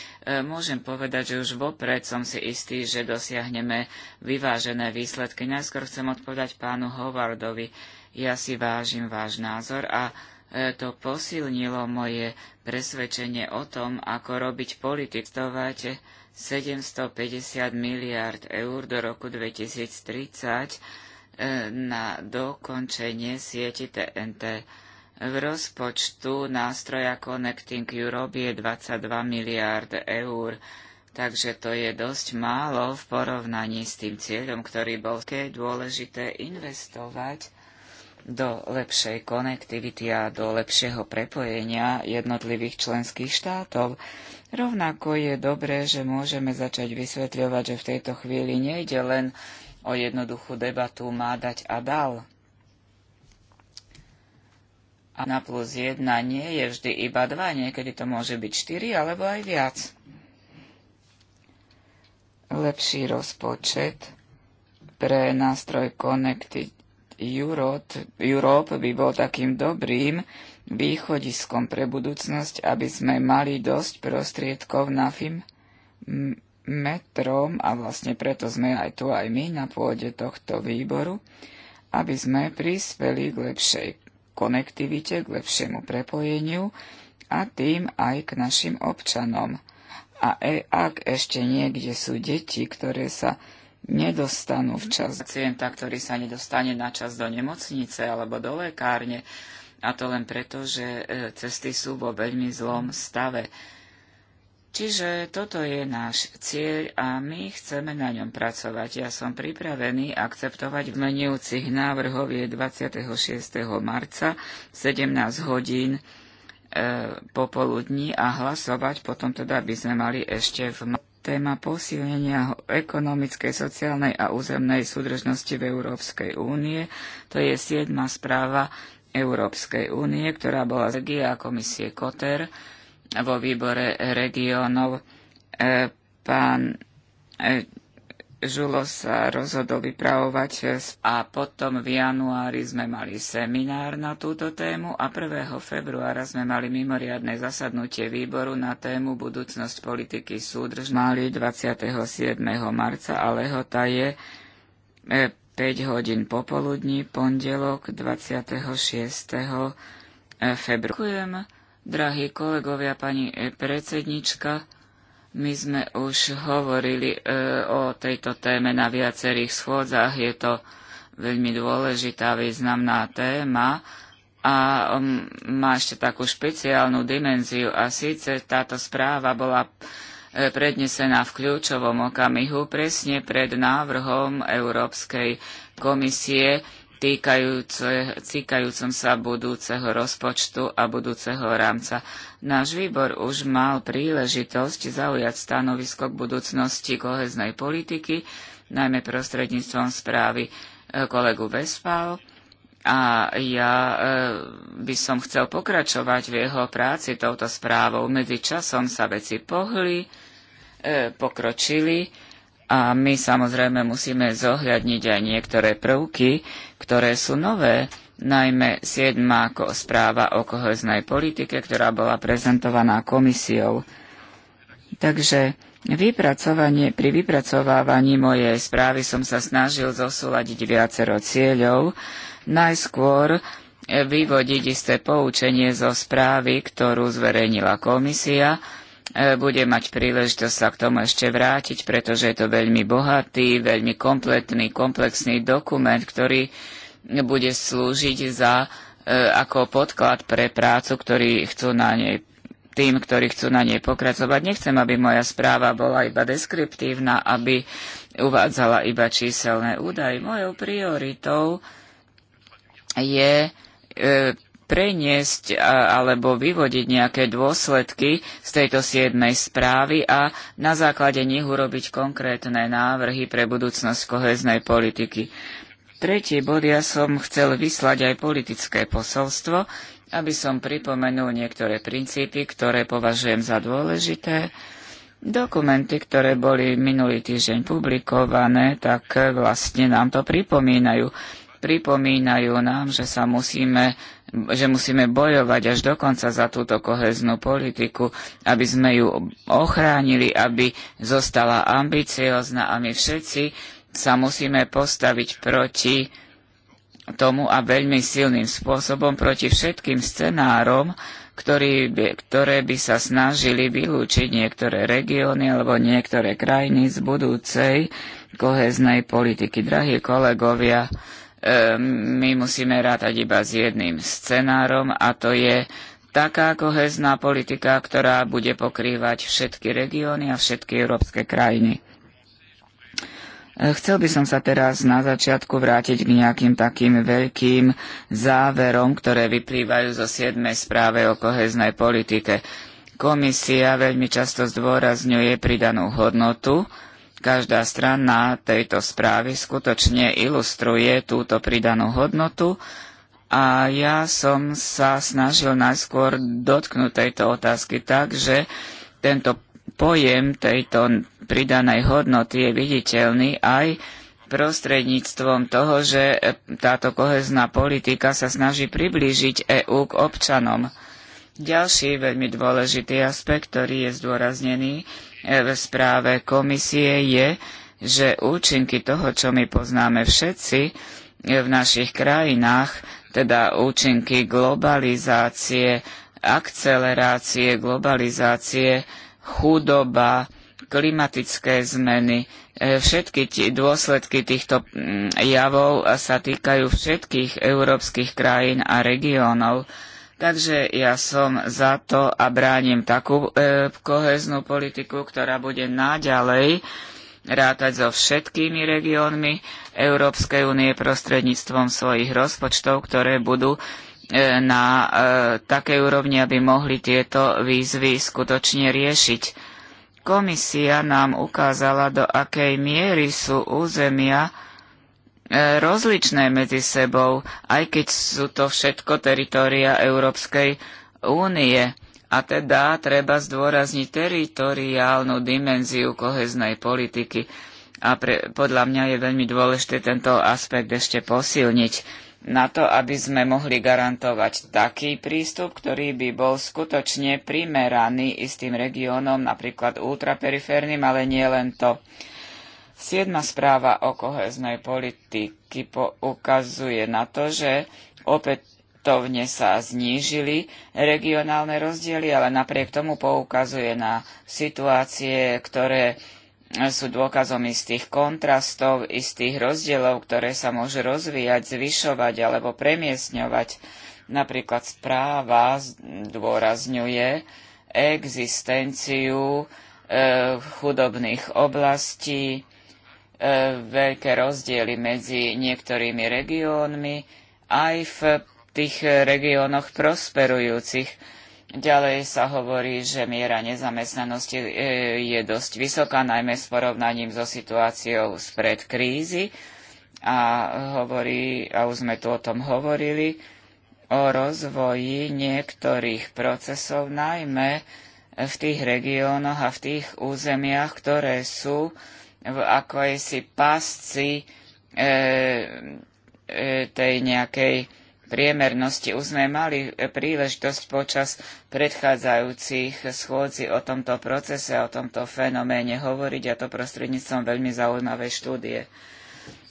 Speaker 3: môžem povedať, že už vopred som si istý, že dosiahneme vyvážené výsledky. Najskôr chcem odpovedať pánu Howardovi. Ja si vážim váš názor a e, to posilnilo moje presvedčenie o tom, ako robiť politikovať 750 miliard eur do roku 2030 na dokončenie siete TNT. V rozpočtu nástroja Connecting Europe je 22 miliárd eur, takže to je dosť málo v porovnaní s tým cieľom, ktorý bol také dôležité investovať do lepšej konektivity a do lepšieho prepojenia jednotlivých členských štátov. Rovnako je dobré, že môžeme začať vysvetľovať, že v tejto chvíli nejde len o jednoduchú debatu má dať a dal. A na plus 1 nie je vždy iba 2, niekedy to môže byť 4 alebo aj viac. Lepší rozpočet pre nástroj Connected Europe, Europe by bol takým dobrým východiskom pre budúcnosť, aby sme mali dosť prostriedkov na FIM metrom a vlastne preto sme aj tu aj my na pôde tohto výboru, aby sme prispeli k lepšej konektivite, k lepšiemu prepojeniu a tým aj k našim občanom. A e, ak ešte niekde sú deti, ktoré sa nedostanú včas pacienta, ktorý sa nedostane na čas do nemocnice alebo do lekárne, a to len preto, že e, cesty sú vo veľmi zlom stave. Čiže toto je náš cieľ a my chceme na ňom pracovať. Ja som pripravený akceptovať v menujúcich návrhov je 26. marca 17 hodín e, popoludní a hlasovať. Potom teda by sme mali ešte v téma posilnenia ekonomickej, sociálnej a územnej súdržnosti v Európskej únie. To je siedma správa Európskej únie, ktorá bola z komisie Koter vo výbore regiónov. E, pán e, Žulo sa rozhodol vypravovať a potom v januári sme mali seminár na túto tému a 1. februára sme mali mimoriadne zasadnutie výboru na tému budúcnosť politiky súdrž. Mali 27. marca a lehota je 5 e, hodín popoludní, pondelok 26. februára. Drahí kolegovia, pani e, predsednička, my sme už hovorili e, o tejto téme na viacerých schôdzach. Je to veľmi dôležitá, významná téma a um, má ešte takú špeciálnu dimenziu. A síce táto správa bola e, prednesená v kľúčovom okamihu presne pred návrhom Európskej komisie týkajúcom sa budúceho rozpočtu a budúceho rámca. Náš výbor už mal príležitosť zaujať stanovisko k budúcnosti koheznej politiky, najmä prostredníctvom správy e, kolegu Vespal. A ja e, by som chcel pokračovať v jeho práci touto správou. Medzi časom sa veci pohli, e, pokročili a my samozrejme musíme zohľadniť aj niektoré prvky, ktoré sú nové, najmä 7. správa o koheznej politike, ktorá bola prezentovaná komisiou. Takže vypracovanie, pri vypracovávaní mojej správy som sa snažil zosúľadiť viacero cieľov. Najskôr eh, vyvodiť isté poučenie zo správy, ktorú zverejnila komisia, E, bude mať príležitosť sa k tomu ešte vrátiť, pretože je to veľmi bohatý, veľmi kompletný, komplexný dokument, ktorý bude slúžiť za, e, ako podklad pre prácu, ktorý chcú na nej tým, ktorí chcú na nej pokračovať. Nechcem, aby moja správa bola iba deskriptívna, aby uvádzala iba číselné údaje. Mojou prioritou je e, preniesť alebo vyvodiť nejaké dôsledky z tejto siedmej správy a na základe nich urobiť konkrétne návrhy pre budúcnosť koheznej politiky. Tretí bod ja som chcel vyslať aj politické posolstvo, aby som pripomenul niektoré princípy, ktoré považujem za dôležité. Dokumenty, ktoré boli minulý týždeň publikované, tak vlastne nám to pripomínajú pripomínajú nám, že sa musíme, že musíme bojovať až dokonca za túto koheznú politiku, aby sme ju ochránili, aby zostala ambiciozna a my všetci sa musíme postaviť proti tomu a veľmi silným spôsobom proti všetkým scenárom, ktorý, ktoré by sa snažili vylúčiť niektoré regióny alebo niektoré krajiny z budúcej koheznej politiky. Drahí kolegovia, Ehm, my musíme rátať iba s jedným scenárom a to je taká kohezná politika, ktorá bude pokrývať všetky regióny a všetky európske krajiny. Ehm, chcel by som sa teraz na začiatku vrátiť k nejakým takým veľkým záverom, ktoré vyplývajú zo 7. správe o koheznej politike. Komisia veľmi často zdôrazňuje pridanú hodnotu, Každá strana tejto správy skutočne ilustruje túto pridanú hodnotu a ja som sa snažil najskôr dotknúť tejto otázky tak, že tento pojem tejto pridanej hodnoty je viditeľný aj prostredníctvom toho, že táto kohezná politika sa snaží priblížiť EÚ k občanom. Ďalší veľmi dôležitý aspekt, ktorý je zdôraznený v správe komisie je, že účinky toho, čo my poznáme všetci v našich krajinách, teda účinky globalizácie, akcelerácie globalizácie, chudoba, klimatické zmeny, e, všetky tí dôsledky týchto mm, javov sa týkajú všetkých európskych krajín a regiónov. Takže ja som za to a bránim takú e, koheznú politiku, ktorá bude naďalej rátať so všetkými regiónmi Európskej únie prostredníctvom svojich rozpočtov, ktoré budú e, na e, takej úrovni, aby mohli tieto výzvy skutočne riešiť. Komisia nám ukázala, do akej miery sú územia, rozličné medzi sebou, aj keď sú to všetko teritória Európskej únie. A teda treba zdôrazniť teritoriálnu dimenziu koheznej politiky. A pre, podľa mňa je veľmi dôležité tento aspekt ešte posilniť na to, aby sme mohli garantovať taký prístup, ktorý by bol skutočne primeraný istým regiónom, napríklad ultraperiférnym, ale nie len to. Uh, Siedma správa o koheznej politiky ukazuje na to, že opätovne sa znížili regionálne rozdiely, ale napriek tomu poukazuje na situácie, ktoré sú dôkazom istých kontrastov, istých rozdielov, ktoré sa môžu rozvíjať, zvyšovať alebo premiesňovať. Napríklad správa zdôrazňuje existenciu e, chudobných oblastí, E, veľké rozdiely medzi niektorými regiónmi aj v tých regiónoch prosperujúcich. Ďalej sa hovorí, že miera nezamestnanosti e, je dosť vysoká, najmä s porovnaním so situáciou spred krízy. A hovorí, a už sme tu o tom hovorili, o rozvoji niektorých procesov, najmä v tých regiónoch a v tých územiach, ktoré sú uh, v akojsi pásci e, e, tej nejakej priemernosti. Už sme mali príležitosť počas predchádzajúcich schôdzi o tomto procese, o tomto fenoméne hovoriť a to prostredníctvom veľmi zaujímavej štúdie.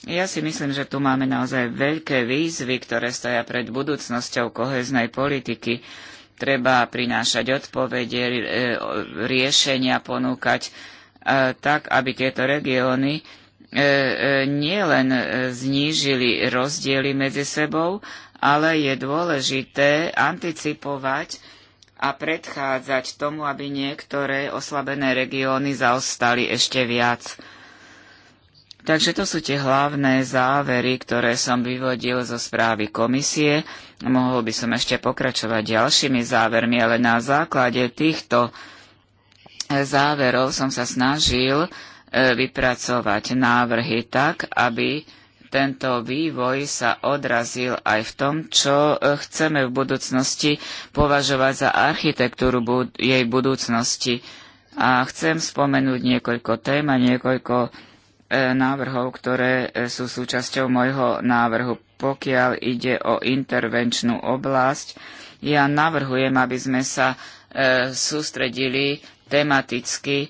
Speaker 3: Ja si myslím, že tu máme naozaj veľké výzvy, ktoré stoja pred budúcnosťou koheznej politiky. Treba prinášať odpovede, e, riešenia, ponúkať tak, aby tieto regióny e, e, nielen e, znížili rozdiely medzi sebou, ale je dôležité anticipovať a predchádzať tomu, aby niektoré oslabené regióny zaostali ešte viac. Takže to sú tie hlavné závery, ktoré som vyvodil zo správy komisie. Mohol by som ešte pokračovať ďalšími závermi, ale na základe týchto záverov som sa snažil e, vypracovať návrhy tak, aby tento vývoj sa odrazil aj v tom, čo e, chceme v budúcnosti považovať za architektúru jej budúcnosti. A chcem spomenúť niekoľko tém a niekoľko e, návrhov, ktoré sú súčasťou môjho návrhu. Pokiaľ ide o intervenčnú oblasť, ja navrhujem, aby sme sa sústredili tematicky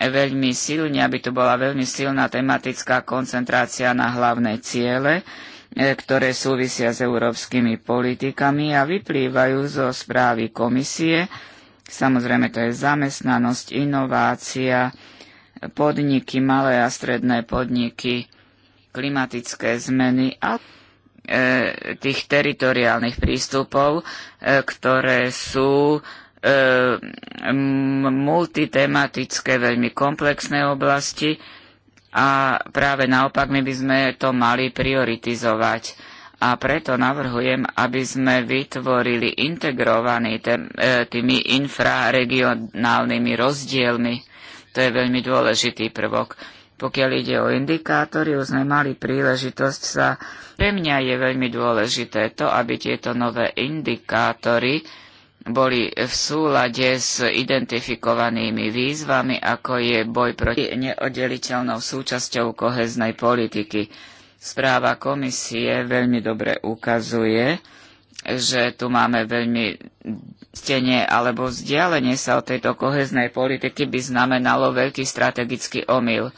Speaker 3: veľmi silne, aby tu bola veľmi silná tematická koncentrácia na hlavné ciele, e, ktoré súvisia s európskymi politikami a vyplývajú zo správy komisie. Samozrejme, to je zamestnanosť, inovácia, podniky, malé a stredné podniky, klimatické zmeny a e, tých teritoriálnych prístupov, e, ktoré sú Ehm, multitematické, veľmi komplexné oblasti a práve naopak my by sme to mali prioritizovať. A preto navrhujem, aby sme vytvorili integrovaný e, tými infraregionálnymi rozdielmi. To je veľmi dôležitý prvok. Pokiaľ ide o indikátory, už sme mali príležitosť sa. Pre mňa je veľmi dôležité to, aby tieto nové indikátory boli v súlade s identifikovanými výzvami, ako je boj proti neoddeliteľnou súčasťou koheznej politiky. Správa komisie veľmi dobre ukazuje, že tu máme veľmi stenie alebo vzdialenie sa od tejto koheznej politiky by znamenalo veľký strategický omyl.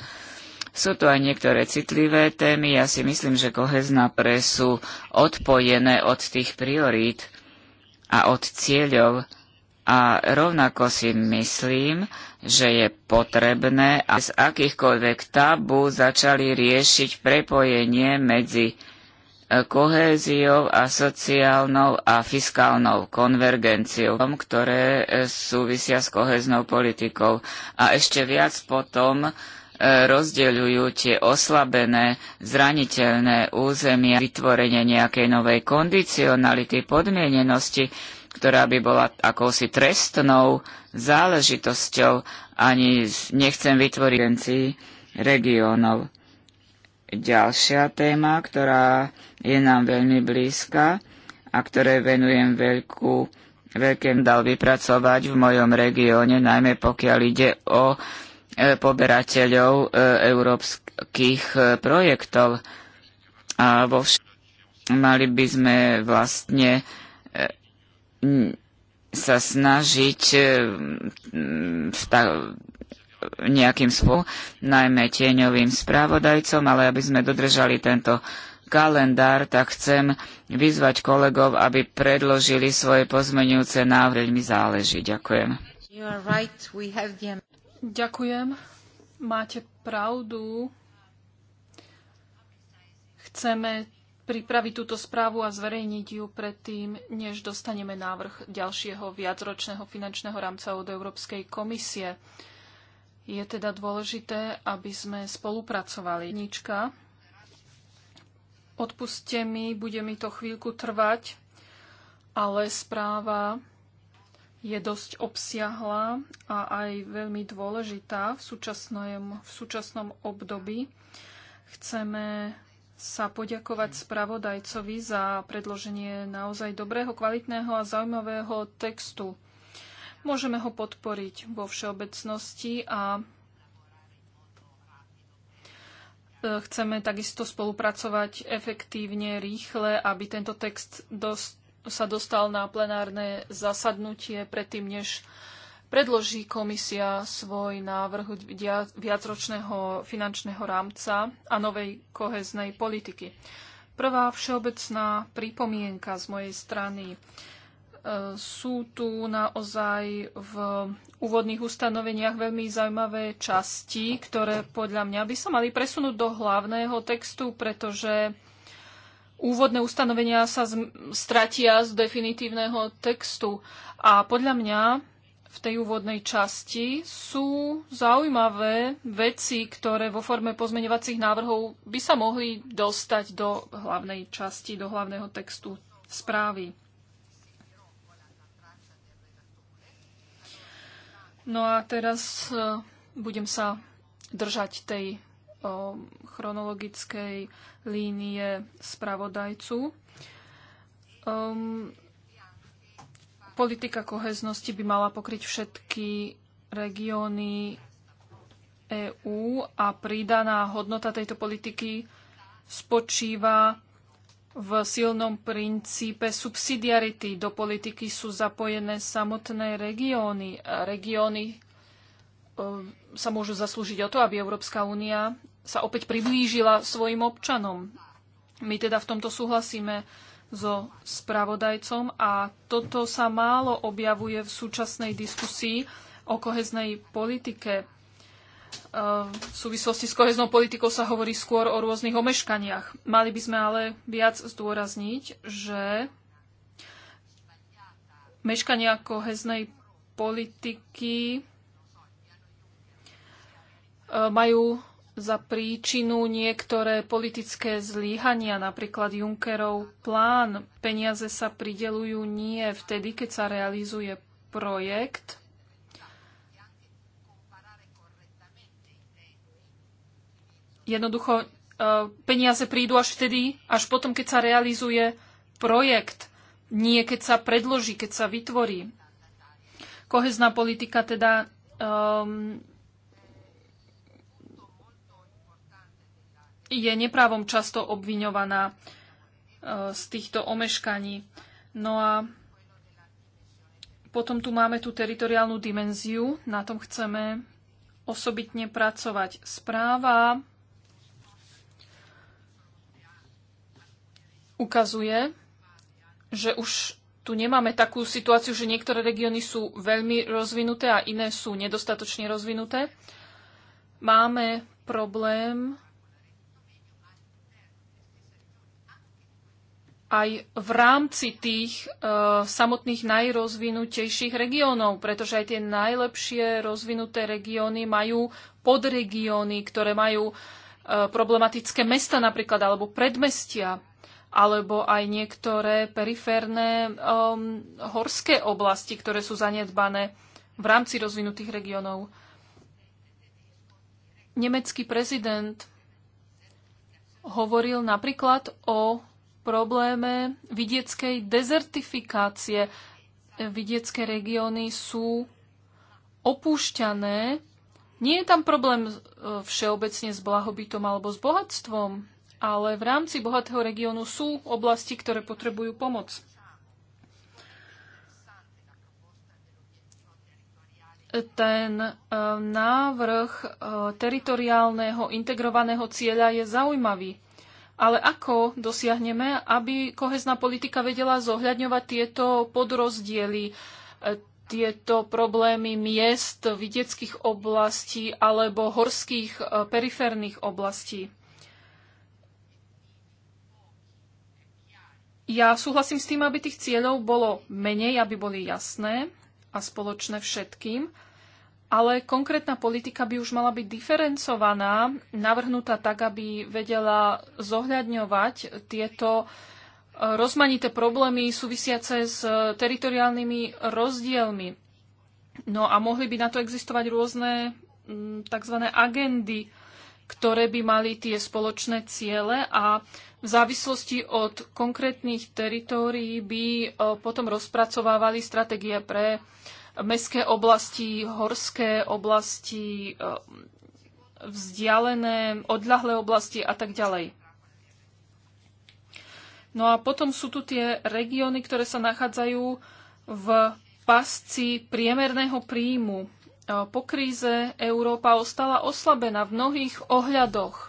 Speaker 3: Sú tu aj niektoré citlivé témy. Ja si myslím, že kohezná pre sú odpojené od tých priorít a od cieľov. A rovnako si myslím, že je potrebné, a z akýchkoľvek tabú začali riešiť prepojenie medzi e, kohéziou a sociálnou a fiskálnou konvergenciou, ktoré e, súvisia s kohéznou politikou. A ešte viac potom rozdeľujú tie oslabené, zraniteľné územia, vytvorenie nejakej novej kondicionality, podmienenosti, ktorá by bola akousi trestnou záležitosťou, ani nechcem vytvoriť regiónov. Ďalšia téma, ktorá je nám veľmi blízka a ktoré venujem veľkú, veľké dal vypracovať v mojom regióne, najmä pokiaľ ide o E, poberateľov e, európskych e, projektov. A vo vš- mali by sme vlastne sa snažiť v ta- nejakým spôsobom, najmä tieňovým správodajcom, ale aby sme dodržali tento kalendár, tak chcem vyzvať kolegov, aby predložili svoje pozmenujúce návrhy. Mi záleží. Ďakujem.
Speaker 2: Right, the... Ďakujem. Máte pravdu. Chceme pripraviť túto správu a zverejniť ju predtým, než dostaneme návrh ďalšieho viacročného finančného rámca od Európskej komisie. Je teda dôležité, aby sme spolupracovali. Nička, odpuste mi, bude mi to chvíľku trvať, ale správa je dosť obsiahla a aj veľmi dôležitá v súčasnom, v súčasnom období. Chceme sa poďakovať spravodajcovi za predloženie naozaj dobrého, kvalitného a zaujímavého textu. Môžeme ho podporiť vo všeobecnosti a e, chceme takisto spolupracovať efektívne, rýchle, aby tento text dosť sa dostal na plenárne zasadnutie predtým, než predloží komisia svoj návrh viacročného finančného rámca a novej koheznej politiky. Prvá všeobecná pripomienka z mojej strany. E, sú tu naozaj v úvodných ustanoveniach veľmi zaujímavé časti, ktoré podľa mňa by sa mali presunúť do hlavného textu, pretože úvodné ustanovenia sa stratia z definitívneho textu. A podľa mňa v tej úvodnej časti sú zaujímavé veci, ktoré vo forme pozmeňovacích návrhov by sa mohli dostať do hlavnej časti, do hlavného textu správy. No a teraz eh, budem sa držať tej chronologickej línie spravodajcu. Um, politika koheznosti by mala pokryť všetky regióny EÚ a pridaná hodnota tejto politiky spočíva v silnom princípe subsidiarity. Do politiky sú zapojené samotné regióny. Regióny um, sa môžu zaslúžiť o to, aby Európska únia sa opäť priblížila svojim občanom. My teda v tomto súhlasíme so spravodajcom a toto sa málo objavuje v súčasnej diskusii o koheznej politike. E, v súvislosti s koheznou politikou sa hovorí skôr o rôznych omeškaniach. Mali by sme ale viac zdôrazniť, že meškania koheznej politiky e, majú za príčinu niektoré politické zlíhania, napríklad Junckerov plán. Peniaze sa pridelujú nie vtedy, keď sa realizuje projekt, Jednoducho e, peniaze prídu až vtedy, až potom, keď sa realizuje projekt, nie keď sa predloží, keď sa vytvorí. Kohezná politika teda um, je neprávom často obviňovaná e, z týchto omeškaní. No a potom tu máme tú teritoriálnu dimenziu, na tom chceme osobitne pracovať. Správa ukazuje, že už tu nemáme takú situáciu, že niektoré regióny sú veľmi rozvinuté a iné sú nedostatočne rozvinuté. Máme problém aj v rámci tých e, samotných najrozvinutejších regiónov, pretože aj tie najlepšie rozvinuté regióny majú podregióny, ktoré majú e, problematické mesta napríklad, alebo predmestia, alebo aj niektoré periférne e, horské oblasti, ktoré sú zanedbané v rámci rozvinutých regiónov. Nemecký prezident hovoril napríklad o probléme vidieckej dezertifikácie. Vidiecké regióny sú opúšťané. Nie je tam problém e, všeobecne s blahobytom alebo s bohatstvom, ale v rámci bohatého regiónu sú oblasti, ktoré potrebujú pomoc. ten e, návrh e, teritoriálneho integrovaného cieľa je zaujímavý. Ale ako dosiahneme, aby kohezná politika vedela zohľadňovať tieto podrozdiely, e, tieto problémy miest, vidieckých oblastí alebo horských e, periférnych oblastí? Ja súhlasím s tým, aby tých cieľov bolo menej, aby boli jasné a spoločné všetkým ale konkrétna politika by už mala byť diferencovaná, navrhnutá tak, aby vedela zohľadňovať tieto e, rozmanité problémy súvisiace s e, teritoriálnymi rozdielmi. No a mohli by na to existovať rôzne tzv. agendy, ktoré by mali tie spoločné ciele a v závislosti od konkrétnych teritórií by e, potom rozpracovávali stratégie pre mestské oblasti, horské oblasti, e, vzdialené, odľahlé oblasti a tak ďalej. No a potom sú tu tie regióny, ktoré sa nachádzajú v pasci priemerného príjmu. E, po kríze Európa ostala oslabená v mnohých ohľadoch.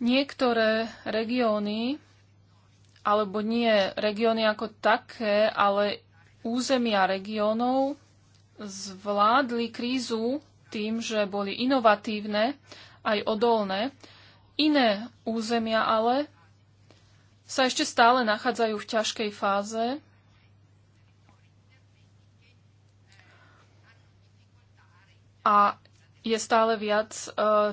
Speaker 2: Niektoré regióny, alebo nie regióny ako také, ale územia regiónov zvládli krízu tým, že boli inovatívne aj odolné. Iné územia ale sa ešte stále nachádzajú v ťažkej fáze. A je stále viac e,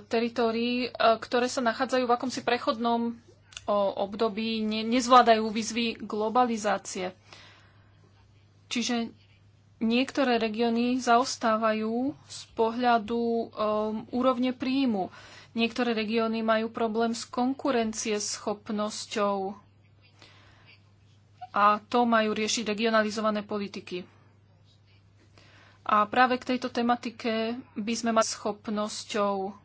Speaker 2: teritórií, e, ktoré sa nachádzajú v akomsi prechodnom o, období, ne, nezvládajú výzvy globalizácie. E, Čiže niektoré regióny zaostávajú z pohľadu um, úrovne príjmu. Niektoré regióny majú problém s konkurencieschopnosťou a to majú riešiť regionalizované politiky. A práve k tejto tematike by sme mali schopnosťou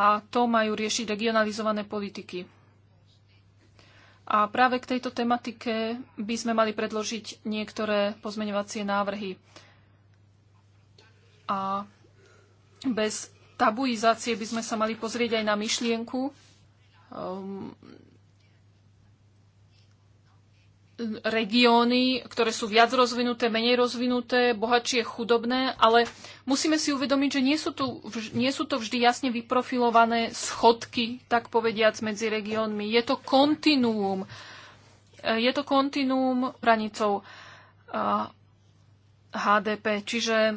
Speaker 2: a to majú riešiť regionalizované politiky. A práve k tejto tematike by sme mali predložiť niektoré pozmeňovacie návrhy. A bez tabuizácie by sme sa mali pozrieť aj na myšlienku um, regióny, ktoré sú viac rozvinuté, menej rozvinuté, bohatšie, chudobné, ale musíme si uvedomiť, že nie sú, tu, nie sú to vždy jasne vyprofilované schodky, tak povediac, medzi regiónmi. Je to kontinuum. E, je to kontinuum hranicou e, HDP, čiže e,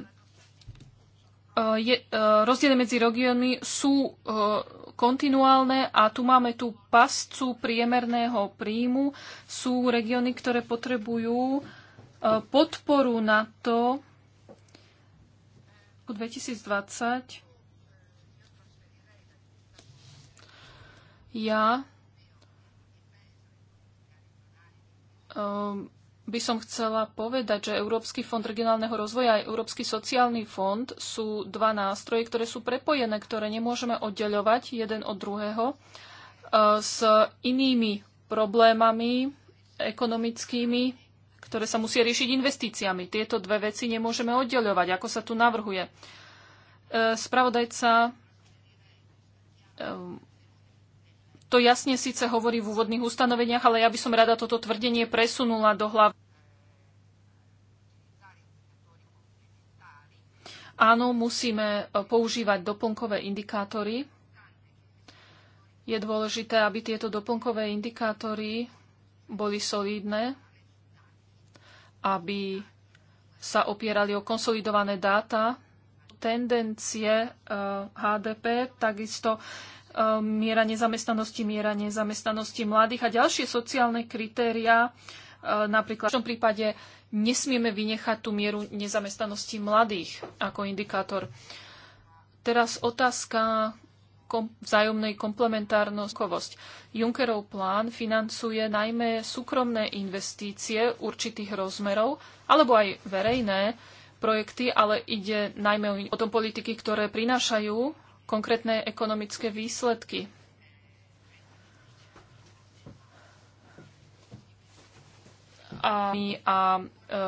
Speaker 2: je, rozdiely medzi regiónmi sú kontinuálne a tu máme tú pascu priemerného príjmu. Sú regióny, ktoré potrebujú e, podporu na to, 2020 ja um, by som chcela povedať, že Európsky fond regionálneho rozvoja a Európsky sociálny fond sú dva nástroje, ktoré sú prepojené, ktoré nemôžeme oddeľovať jeden od druhého e, s inými problémami ekonomickými, ktoré sa musia riešiť investíciami. Tieto dve veci nemôžeme oddeľovať, ako sa tu navrhuje. E, spravodajca e, to jasne síce hovorí v úvodných ustanoveniach, ale ja by som rada toto tvrdenie presunula do hlavy. Áno, musíme e, používať doplnkové indikátory. Je dôležité, aby tieto doplnkové indikátory boli solídne, aby sa opierali o konsolidované dáta, tendencie e, HDP, takisto Um, miera nezamestnanosti, miera nezamestnanosti mladých a ďalšie sociálne kritériá. Uh, napríklad v tom prípade nesmieme vynechať tú mieru nezamestnanosti mladých ako indikátor. Teraz otázka kom- vzájomnej komplementárnosť. Junckerov plán financuje najmä súkromné investície určitých rozmerov, alebo aj verejné projekty, ale ide najmä o tom politiky, ktoré prinášajú konkrétne ekonomické výsledky. A, a e,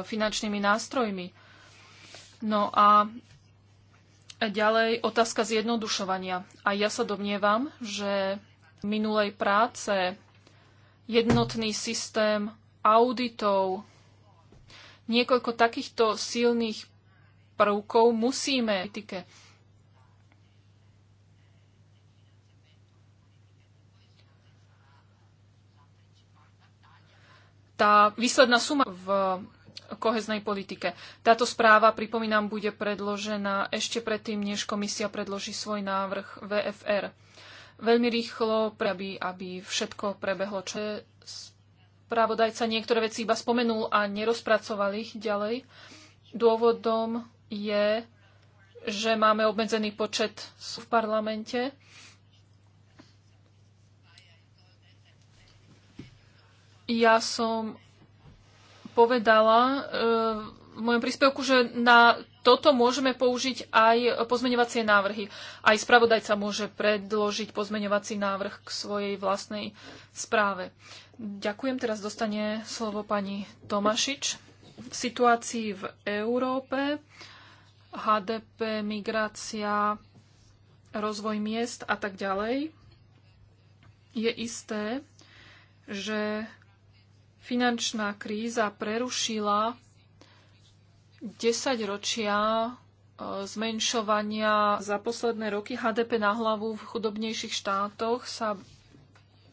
Speaker 2: finančnými nástrojmi. No a ďalej otázka zjednodušovania. A ja sa domnievam, že minulej práce jednotný systém auditov, niekoľko takýchto silných prvkov musíme etike. tá výsledná suma v koheznej politike. Táto správa, pripomínam, bude predložená ešte predtým, než komisia predloží svoj návrh VFR. Veľmi rýchlo, aby, aby všetko prebehlo. Čo správodajca niektoré veci iba spomenul a nerozpracoval ich ďalej. Dôvodom je, že máme obmedzený počet v parlamente Ja som povedala eh, v mojom príspevku, že na toto môžeme použiť aj pozmeňovacie návrhy. Aj spravodajca môže predložiť pozmeňovací návrh k svojej vlastnej správe. Ďakujem, teraz dostane slovo pani Tomašič. V situácii v Európe HDP, migrácia, rozvoj miest a tak ďalej je isté, že Finančná kríza prerušila 10 ročia e, zmenšovania za posledné roky HDP na hlavu v chudobnejších štátoch sa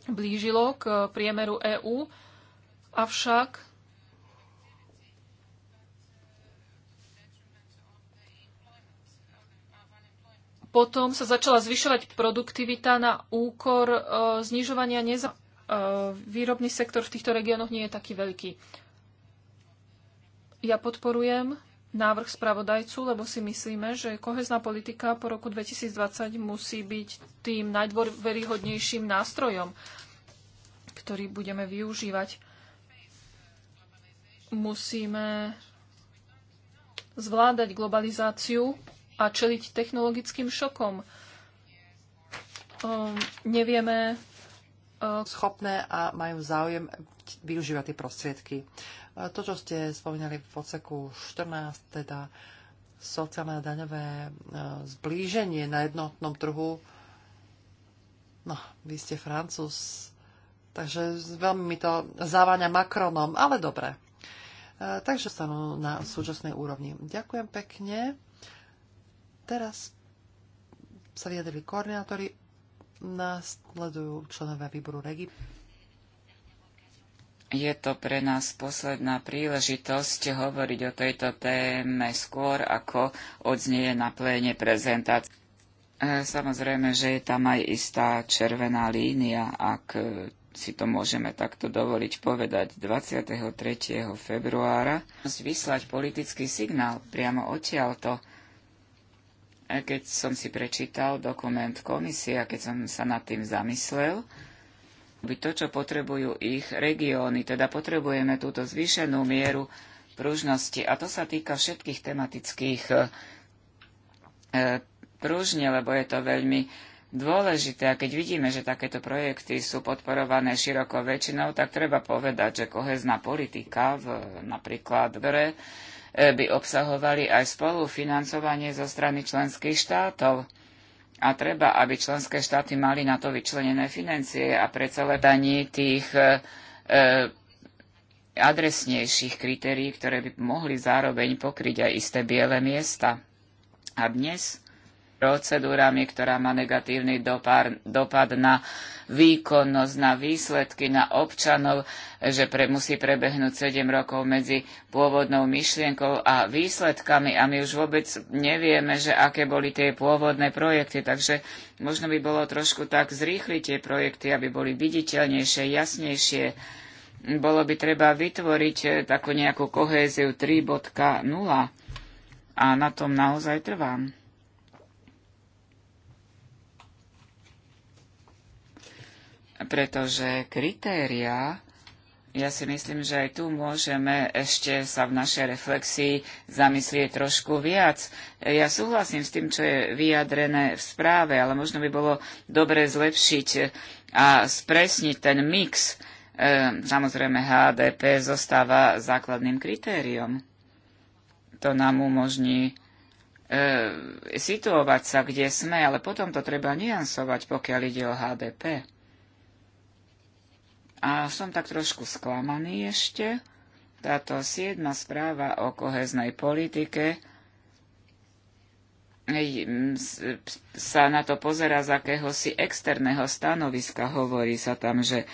Speaker 2: blížilo k priemeru EÚ, avšak potom sa začala zvyšovať produktivita na úkor e, znižovania nezamestnanosti E, výrobný sektor v týchto regiónoch nie je taký veľký. Ja podporujem návrh spravodajcu, lebo si myslíme, že kohezná politika po roku 2020 musí byť tým najdôveryhodnejším nástrojom, ktorý budeme využívať. Musíme zvládať globalizáciu a čeliť technologickým šokom. Um, nevieme
Speaker 1: schopné a majú záujem využívať tie prostriedky. E, to, čo ste spomínali v odseku 14, teda sociálne a daňové e, zblíženie na jednotnom trhu, no, vy ste francúz, takže veľmi mi to závania Macronom, ale dobre. E, takže stanú na súčasnej úrovni. Ďakujem pekne. Teraz sa vyjadrili koordinátori Nasledujú členovia výboru Regi.
Speaker 3: Je to pre nás posledná príležitosť hovoriť o tejto téme skôr, ako odznieje na pléne prezentácia. E, samozrejme, že je tam aj istá červená línia, ak e, si to môžeme takto dovoliť povedať 23. februára, vyslať politický signál priamo odtiaľto keď som si prečítal dokument komisie a keď som sa nad tým zamyslel, by to, čo potrebujú ich regióny, teda potrebujeme túto zvýšenú mieru pružnosti. A to sa týka všetkých tematických e, pružne, lebo je to veľmi dôležité. A keď vidíme, že takéto projekty sú podporované širokou väčšinou, tak treba povedať, že kohezná politika v, napríklad v E, by obsahovali aj spolufinancovanie zo strany členských štátov. A treba, aby členské štáty mali na to vyčlenené financie a predsa ledanie tých e, e, adresnejších kritérií, ktoré by mohli zároveň pokryť aj isté biele miesta. A dnes procedúrami, ktorá má negatívny dopad, dopad na výkonnosť, na výsledky, na občanov, že pre, musí prebehnúť 7 rokov medzi pôvodnou myšlienkou a výsledkami a my už vôbec nevieme, že aké boli tie pôvodné projekty, takže možno by bolo trošku tak zrýchliť tie projekty, aby boli viditeľnejšie, jasnejšie. Bolo by treba vytvoriť eh, takú nejakú kohéziu 3.0 a na tom naozaj trvám. pretože kritéria, ja si myslím, že aj tu môžeme ešte sa v našej reflexii zamyslieť trošku viac. Ja súhlasím s tým, čo je vyjadrené v správe, ale možno by bolo dobre zlepšiť a spresniť ten mix. E, samozrejme, HDP zostáva základným kritériom. To nám umožní e, situovať sa, kde sme, ale potom to treba niansovať, pokiaľ ide o HDP. A som tak trošku sklamaný ešte. Táto siedma správa o koheznej politike sa na to pozera z akéhosi externého stanoviska. Hovorí sa tam, že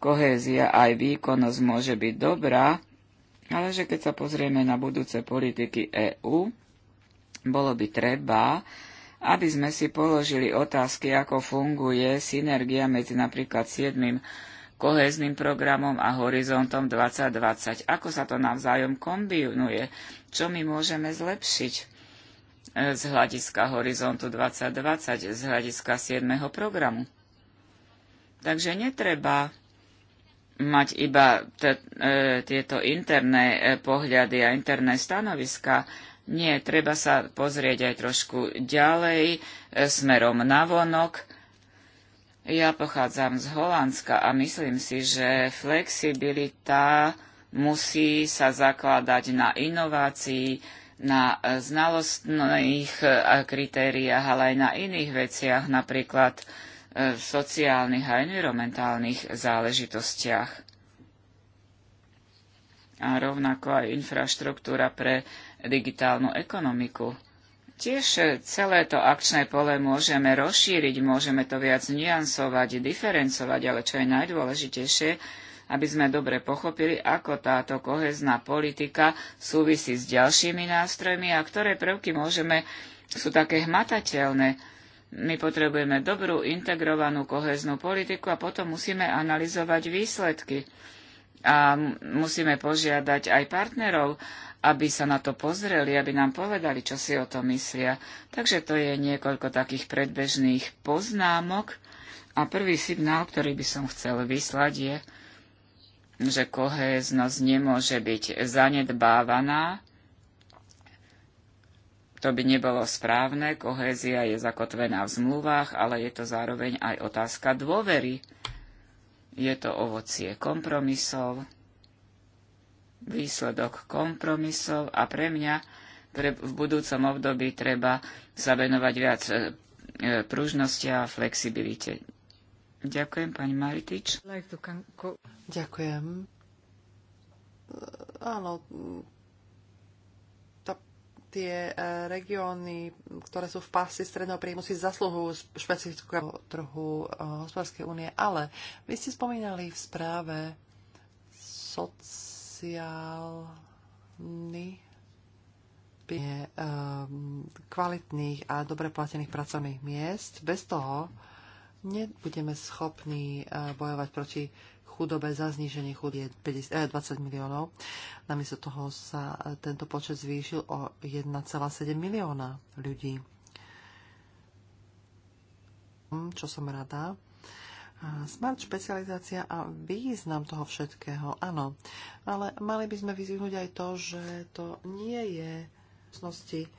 Speaker 3: kohézia aj výkonnosť môže byť dobrá, ale že keď sa pozrieme na budúce politiky EÚ, bolo by treba, aby sme si položili otázky, ako funguje synergia medzi napríklad siedmým kohézným programom a horizontom 2020. Ako sa to navzájom kombinuje? Čo my môžeme zlepšiť e, z hľadiska horizontu 2020, z hľadiska 7. programu? Takže netreba mať iba e, tieto interné e, pohľady a interné stanoviska, nie, treba sa pozrieť aj trošku ďalej, smerom navonok ja pochádzam z Holandska a myslím si, že flexibilita musí sa zakladať na inovácii, na znalostných eh, kritériách, ale aj na iných veciach, napríklad eh, v sociálnych a environmentálnych záležitostiach. A rovnako aj infraštruktúra pre digitálnu ekonomiku. Tiež celé to akčné pole môžeme rozšíriť, môžeme to viac niansovať, diferencovať, ale čo je najdôležitejšie, aby sme dobre pochopili, ako táto kohezná politika súvisí s ďalšími nástrojmi a ktoré prvky môžeme, sú také hmatateľné. My potrebujeme dobrú integrovanú koheznú politiku a potom musíme analyzovať výsledky. A musíme požiadať aj partnerov, aby sa na to pozreli, aby nám povedali, čo si o to myslia. Takže to je niekoľko takých predbežných poznámok. A prvý signál, ktorý by som chcel vyslať, je, že kohéznosť nemôže byť zanedbávaná. To by nebolo správne. Kohézia je zakotvená v zmluvách, ale je to zároveň aj otázka dôvery. Je to ovocie kompromisov výsledok kompromisov a pre mňa pre, v budúcom období treba sa venovať viac e, e, pružnosti a flexibilite. Ďakujem, pani Maritič. Ďakujem. Áno,
Speaker 1: tá, tie e, regióny, ktoré sú v pásci stredného príjmu, si zaslúhujú špecifickú trhu hospodárskej únie, ale vy ste spomínali v správe soc sociálny ehm, kvalitných a dobre platených pracovných miest. Bez toho nebudeme schopní eh, bojovať proti chudobe za zniženie chudy 20 miliónov. Namiesto toho sa eh, tento počet zvýšil o 1,7 milióna ľudí. Hm, čo som rada, Smart špecializácia a význam toho všetkého, áno. Ale mali by sme vyzvihnúť aj to, že to nie je V snosti e,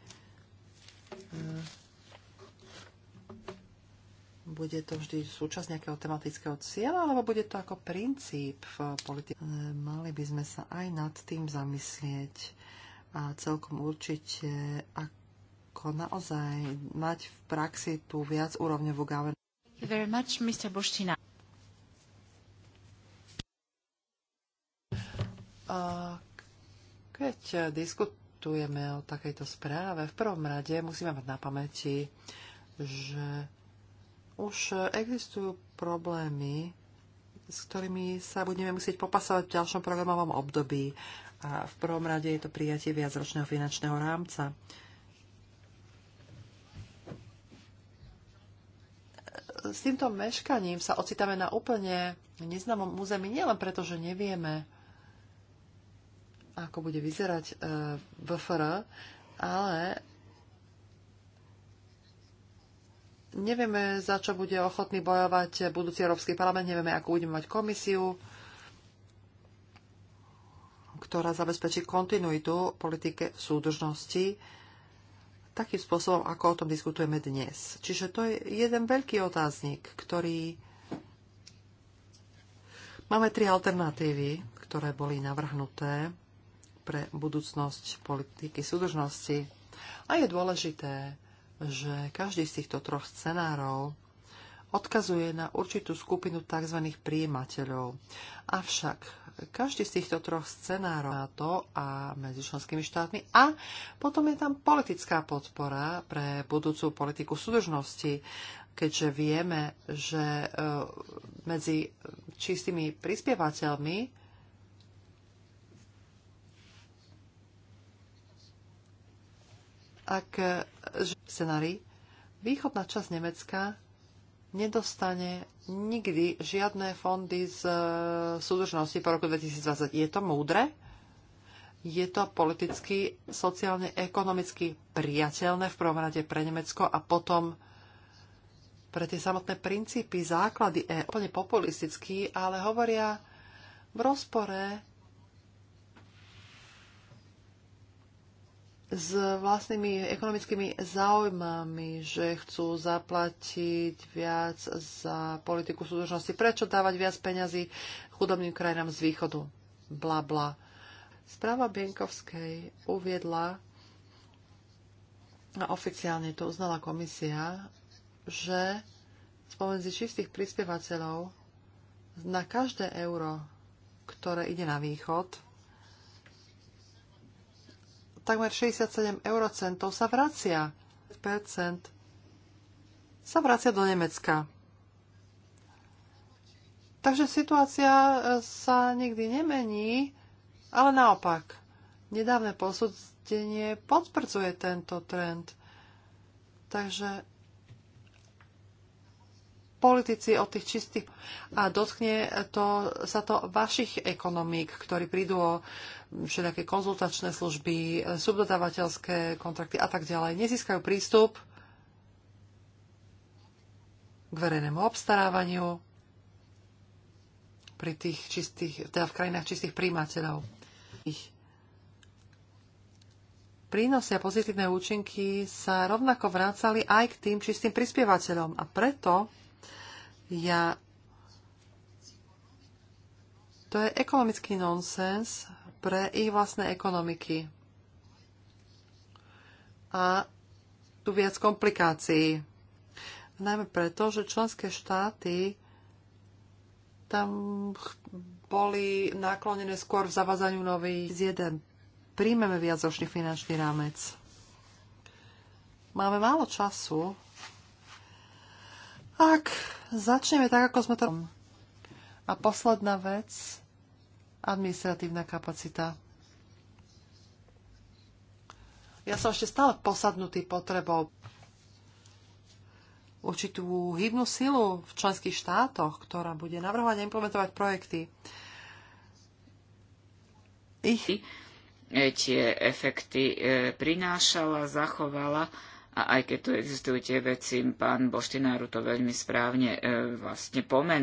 Speaker 1: bude to vždy súčasť nejakého tematického cieľa, alebo bude to ako princíp v politi- e, Mali by sme sa aj nad tým zamyslieť a celkom určite, ako naozaj mať v praxi tú viac úrovňovú very much, Mr. Keď diskutujeme o takejto správe, v prvom rade musíme mať na pamäti, že už existujú problémy, s ktorými sa budeme musieť popasovať v ďalšom programovom období. A v prvom rade je to prijatie viacročného finančného rámca. s týmto meškaním sa ocitáme na úplne neznámom území, nielen preto, že nevieme, ako bude vyzerať BFR, e, ale nevieme, za čo bude ochotný bojovať budúci Európsky parlament, nevieme, ako budeme mať komisiu, ktorá zabezpečí kontinuitu politike súdržnosti takým spôsobom, ako o tom diskutujeme dnes. Čiže to je jeden veľký otáznik, ktorý... Máme tri alternatívy, ktoré boli navrhnuté pre budúcnosť politiky súdržnosti. A je dôležité, že každý z týchto troch scenárov odkazuje na určitú skupinu tzv. príjimateľov. Avšak každý z týchto troch scenárov to a medzi členskými štátmi a potom je tam politická podpora pre budúcu politiku súdržnosti, keďže vieme, že e, medzi čistými prispievateľmi ak e, scenári východná časť Nemecka nedostane nikdy žiadne fondy z e, súdržnosti po roku 2020. Je to múdre? Je to politicky, sociálne, ekonomicky priateľné v prvom rade pre Nemecko a potom pre tie samotné princípy, základy je úplne populistický, ale hovoria v rozpore s vlastnými ekonomickými záujmami, že chcú zaplatiť viac za politiku súdržnosti. Prečo dávať viac peňazí chudobným krajinám z východu? Bla, bla. Správa Bienkovskej uviedla, a oficiálne to uznala komisia, že spomedzi čistých prispievateľov na každé euro, ktoré ide na východ, takmer 67 eurocentov sa vracia. Percent sa vracia do Nemecka. Takže situácia e, sa nikdy nemení, ale naopak. Nedávne posúdenie potvrdzuje tento trend. Takže politici od tých čistých a dotkne to, sa to vašich ekonomík, ktorí prídu o všelijaké konzultačné služby, e, subdodávateľské kontrakty a tak ďalej, nezískajú prístup k verejnému obstarávaniu pri tých čistých, teda v krajinách čistých príjmateľov. Ich prínosy a pozitívne účinky sa rovnako vrácali aj k tým čistým prispievateľom. A preto ja to je ekonomický nonsens, pre ich vlastné ekonomiky. A tu viac komplikácií. Najmä preto, že členské štáty tam boli naklonené skôr v zavazaniu nových z jeden. Príjmeme viacročný finančný rámec. Máme málo času. Ak začneme tak, ako sme to... A posledná vec, administratívna kapacita. Ja som ešte stále posadnutý potrebou určitú hybnú silu v členských štátoch, ktorá bude navrhovať a implementovať projekty.
Speaker 3: Ich tie efekty e, prinášala, zachovala a aj keď tu existujú tie veci, pán Boštináru to veľmi správne e, vlastne pomenul.